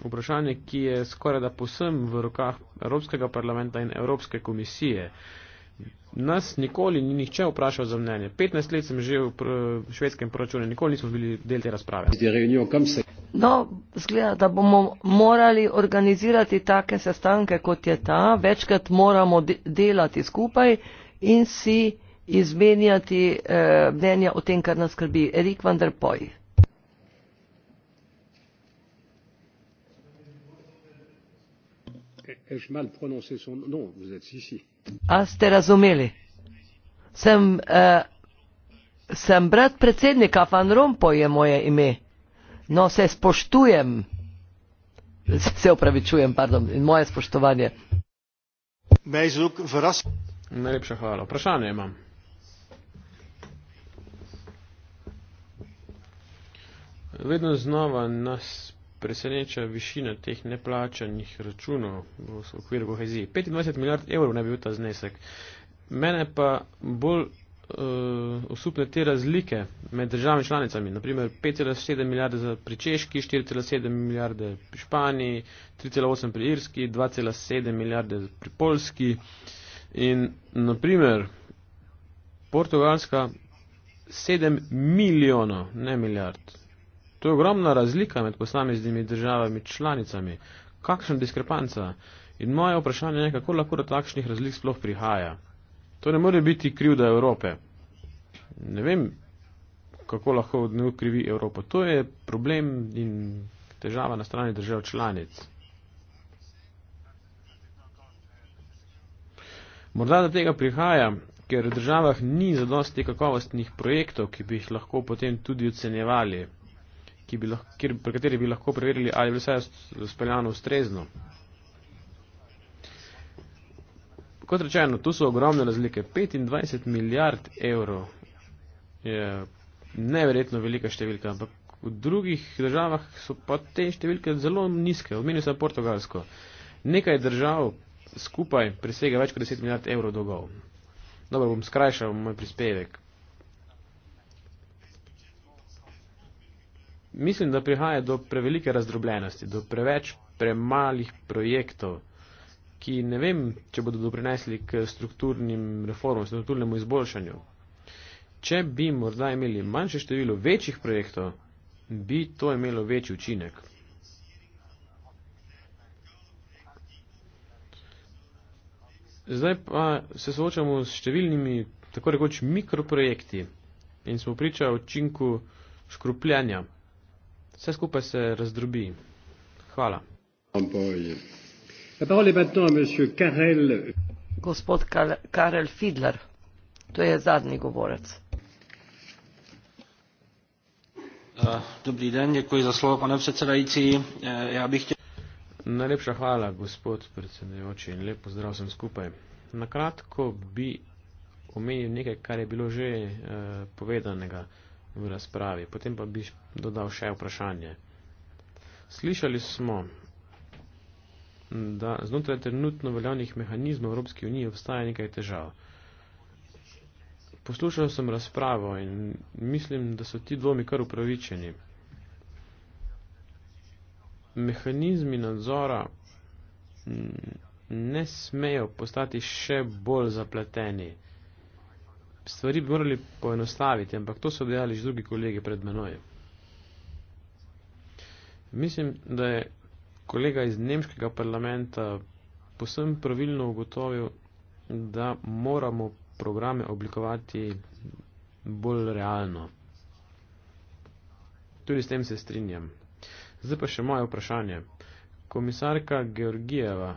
vprašanje, ki je skoraj da posem v rokah Evropskega parlamenta in Evropske komisije. Nas nikoli ni nihče vprašal za mnenje. 15 let sem že v pr švedskem proračunu, nikoli nismo bili del te razprave. No, zgleda, da bomo morali organizirati take sestanke, kot je ta. Večkrat moramo de delati skupaj in si izmenjati eh, mnenja o tem, kar nas skrbi. Erik van der Poj. Eh, A ste razumeli? Sem, eh, sem brat predsednika Van Rompuy je moje ime. No, se spoštujem. Se upravičujem, pardon, in moje spoštovanje. Najlepša hvala. Vprašanje imam. vedno znova nas preseneča višina teh neplačanih računov v okviru kohezije. 25 milijard evrov naj bi bil ta znesek. Mene pa bolj uh, osupne te razlike med državami članicami, naprimer 5,7 milijarde za pričeški, 4,7 milijarde pri Španiji, 3,8 pri Irski, 2,7 milijarde pri Polski in naprimer Portugalska 7 milijonov, ne milijard. To je ogromna razlika med posameznimi državami članicami. Kakšna diskrepanca? In moje vprašanje je, kako lahko do takšnih razlik sploh prihaja. To ne more biti krivda Evrope. Ne vem, kako lahko ne krivi Evropo. To je problem in težava na strani držav članic. Morda do tega prihaja, ker v državah ni zadosti kakovostnih projektov, ki bi jih lahko potem tudi ocenjevali bi lahko, kjer, pri kateri bi lahko preverili, ali je vse speljano ustrezno. Kot rečeno, tu so ogromne razlike. 25 milijard evrov je neverjetno velika številka, ampak v drugih državah so pa te številke zelo nizke. Omenil sem Portugalsko. Nekaj držav skupaj presega več kot 10 milijard evrov dolgov. Dobro, bom skrajšal moj prispevek. Mislim, da prihaja do prevelike razdrobljenosti, do preveč premalih projektov, ki ne vem, če bodo doprinesli k strukturnim reformam, strukturnemu izboljšanju. Če bi morda imeli manjše število večjih projektov, bi to imelo večji učinek. Zdaj pa se soočamo s številnimi tako rekoč mikroprojekti in smo priča učinku škrupljanja vse skupaj se razdrobi. Hvala. Gospod Karel Fidler, to je zadnji govorec. Eh, Dobri dan, děkuji za slovo, pane predsedajci. Eh, já bych chtěl... Najlepša hvala, gospod predsedajoči, in lepo zdrav sem skupaj. Na kratko bi omenil nekaj, kar je bilo že eh, povedanega v razpravi. Potem pa bi dodal še vprašanje. Slišali smo, da znotraj trenutno veljavnih mehanizmov Evropske unije obstaja nekaj težav. Poslušal sem razpravo in mislim, da so ti dvomi kar upravičeni. Mehanizmi nadzora ne smejo postati še bolj zapleteni stvari bi morali poenostaviti, ampak to so dejali že drugi kolegi pred menoj. Mislim, da je kolega iz nemškega parlamenta posem pravilno ugotovil, da moramo programe oblikovati bolj realno. Tudi s tem se strinjam. Zdaj pa še moje vprašanje. Komisarka Georgijeva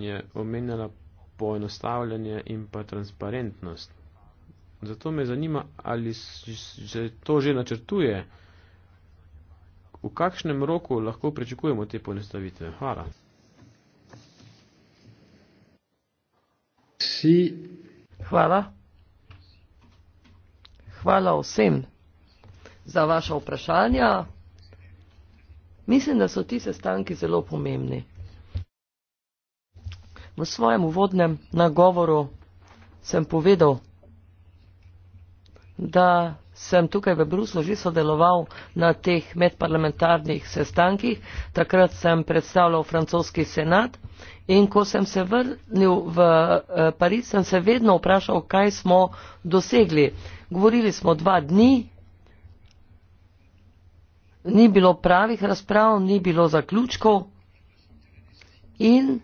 je omenjala poenostavljanje in pa transparentnost. Zato me zanima, ali se to že načrtuje, v kakšnem roku lahko pričakujemo te poenostavitve. Hvala. Si. Hvala. Hvala vsem za vaša vprašanja. Mislim, da so ti sestanki zelo pomembni. V svojem uvodnem nagovoru sem povedal, da sem tukaj v Bruslu že sodeloval na teh medparlamentarnih sestankih. Takrat sem predstavljal francoski senat in ko sem se vrnil v eh, Pariz, sem se vedno vprašal, kaj smo dosegli. Govorili smo dva dni, ni bilo pravih razprav, ni bilo zaključkov in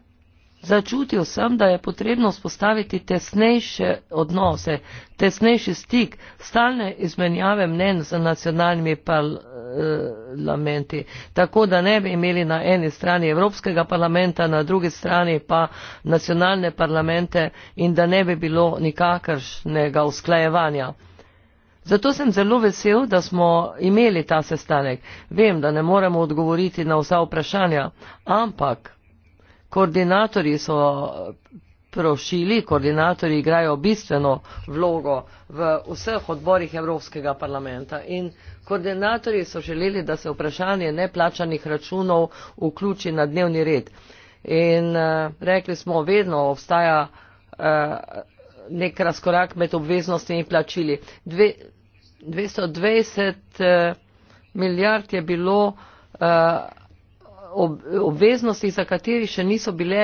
Začutil sem, da je potrebno spostaviti tesnejše odnose, tesnejši stik, stalne izmenjave mnen z nacionalnimi parlamenti, tako da ne bi imeli na eni strani Evropskega parlamenta, na drugi strani pa nacionalne parlamente in da ne bi bilo nikakršnega usklajevanja. Zato sem zelo vesel, da smo imeli ta sestanek. Vem, da ne moremo odgovoriti na vsa vprašanja, ampak koordinatorji so prošili, koordinatorji igrajo bistveno vlogo v vseh odborih Evropskega parlamenta in koordinatorji so želeli, da se vprašanje neplačanih računov vključi na dnevni red. In uh, rekli smo, vedno obstaja uh, nek razkorak med obveznostmi in plačili. Dve, 220 uh, eh, milijard je bilo uh, obveznosti, za kateri še niso bile,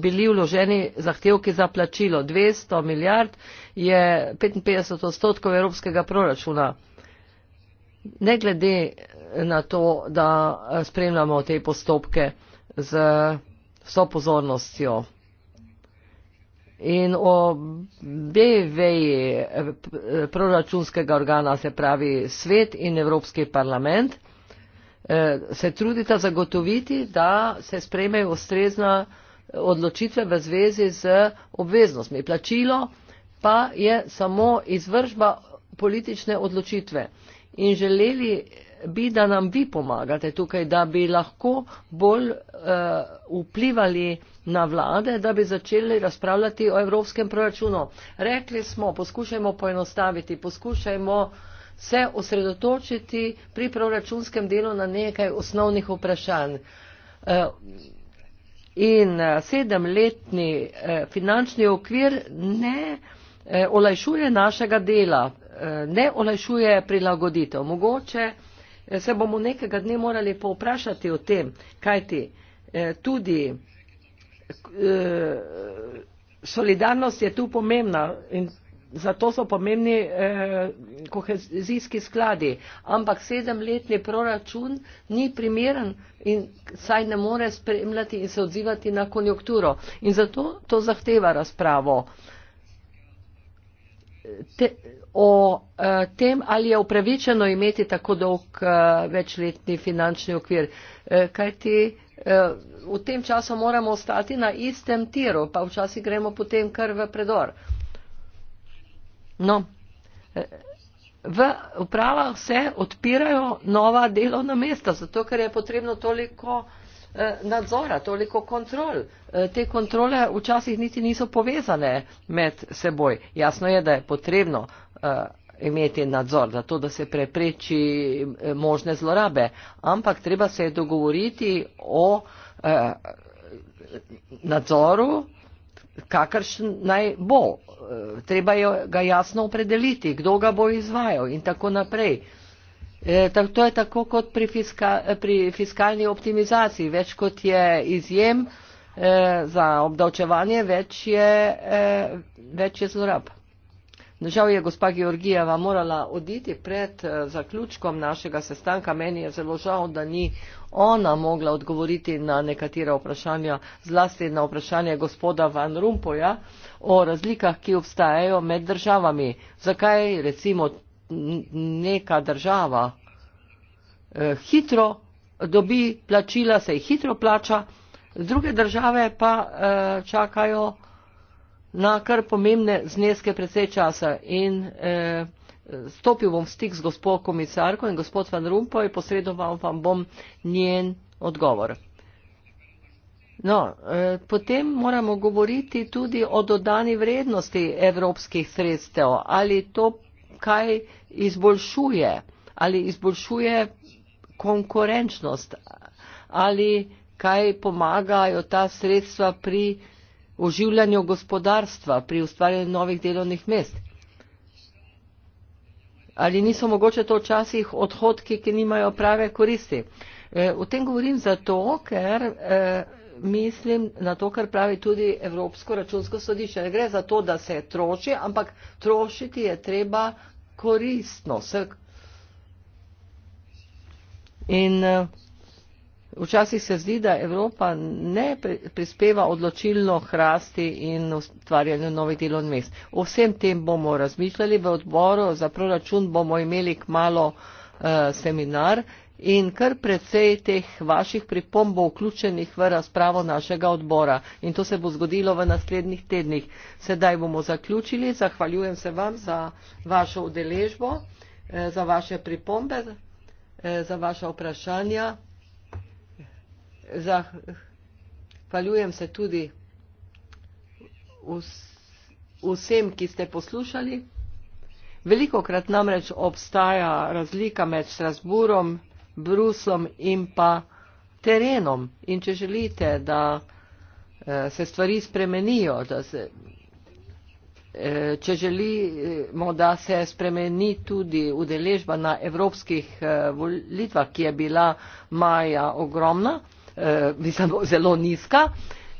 bili vloženi zahtevki za plačilo. 200 milijard je 55 odstotkov evropskega proračuna. Ne glede na to, da spremljamo te postopke z vso pozornostjo. In o BVE eh, eh, proračunskega organa se pravi svet in Evropski parlament. Eh, se trudita zagotoviti, da se spremejo ustrezna odločitve v zvezi z obveznostmi. Plačilo pa je samo izvržba politične odločitve. In želeli bi, da nam vi pomagate tukaj, da bi lahko bolj uh, vplivali na vlade, da bi začeli razpravljati o evropskem proračunu. Rekli smo, poskušajmo poenostaviti, poskušajmo uh, se osredotočiti pri proračunskem delu na nekaj osnovnih vprašanj. Eh, in eh, sedemletni eh, finančni okvir ne olajšuje našega dela, ne olajšuje prilagoditev. Mogoče se bomo nekega dne morali povprašati o tem, kajti tudi solidarnost je tu pomembna in zato so pomembni eh, kohezijski skladi. Ampak sedemletni proračun ni primeren in saj ne more spremljati in se odzivati na konjunkturo. In zato to zahteva razpravo Te, o eh, tem, ali je upravičeno imeti tako dolg eh, večletni finančni okvir. Eh, kajti eh, v tem času moramo ostati na istem tiru, pa včasih gremo potem kar v predor. No, v upravah se odpirajo nova delovna mesta, zato ker je potrebno toliko eh, nadzora, toliko kontrol. Eh, te kontrole včasih niti niso povezane med seboj. Jasno je, da je potrebno eh, imeti nadzor, zato da se prepreči možne zlorabe. Ampak treba se je dogovoriti o eh, nadzoru kakršen naj bo. Eh, treba je ga jasno opredeliti, kdo ga bo izvajal in tako naprej. E, eh, tak, to je tako kot pri, fiska, pri fiskalni optimizaciji. Več kot je izjem e, za obdavčevanje, več je, e, več je zlorab. Žal je gospa Georgijeva morala oditi pred eh, zaključkom našega sestanka. Meni je zelo žal, da ni ona mogla odgovoriti na nekatera vprašanja, zlasti na vprašanje gospoda Van Rumpoja o razlikah, ki obstajajo med državami. Zakaj recimo neka država eh, hitro dobi plačila, se jih hitro plača, druge države pa eh, čakajo na kar pomembne zneske predvsej časa. In eh, stopil bom v stik z gospod komisarko in gospod Van Rumpoj, posredoval vam bom njen odgovor. No, eh, potem moramo govoriti tudi o dodani vrednosti evropskih sredstev. Ali to kaj izboljšuje? Ali izboljšuje konkurenčnost? Ali kaj pomagajo ta sredstva pri oživljanju gospodarstva, pri ustvarjanju novih delovnih mest. Ali niso mogoče to včasih odhodki, ki nimajo prave koristi? E, o tem govorim zato, ker e, mislim na to, kar pravi tudi Evropsko računsko sodišče. Ne gre za to, da se troši, ampak trošiti je treba koristno. In e, včasih se zdi, da Evropa ne prispeva odločilno hrasti in ustvarjanju novih delovnih mest. O vsem tem bomo razmišljali v odboru, za proračun bomo imeli k malo eh, seminar in kar precej teh vaših pripomb bo vključenih v razpravo našega odbora in to se bo zgodilo v naslednjih tednih. Sedaj bomo zaključili, zahvaljujem se vam za vašo udeležbo, eh, za vaše pripombe eh, za vaše vprašanje zahvaljujem se tudi vsem, ki ste poslušali. Veliko krat namreč obstaja razlika med Strasburom, Bruslom in pa terenom. In če želite, da eh, se stvari spremenijo, da se, eh, če želimo, da se spremeni tudi udeležba na evropskih eh, volitvah, ki je bila maja ogromna, Eh, mislim, zelo nizka.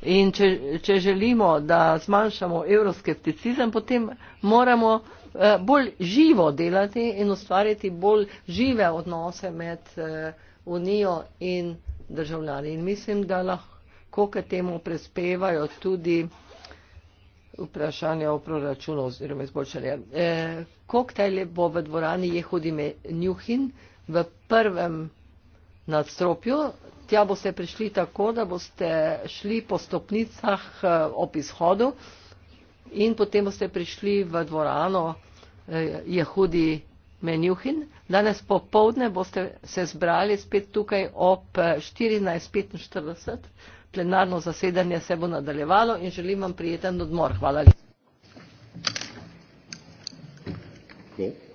In če, če želimo, da zmanjšamo euroskepticizem, potem moramo eh, bolj živo delati in ustvarjati bolj žive odnose med eh, Unijo in državljani. In mislim, da lahko k temu prispevajo tudi vprašanja o proračunu oziroma izboljšanje. Koktajl bo v dvorani Jehudi Njuhin v prvem nadstropju tja boste prišli tako, da boste šli po stopnicah eh, ob izhodu in potem boste prišli v dvorano eh, Jehudi Menjuhin. Danes popovdne boste se zbrali spet tukaj ob 14.45. Eh, Plenarno zasedanje se bo nadaljevalo in želim vam prijeten odmor. Hvala lepa. Cool.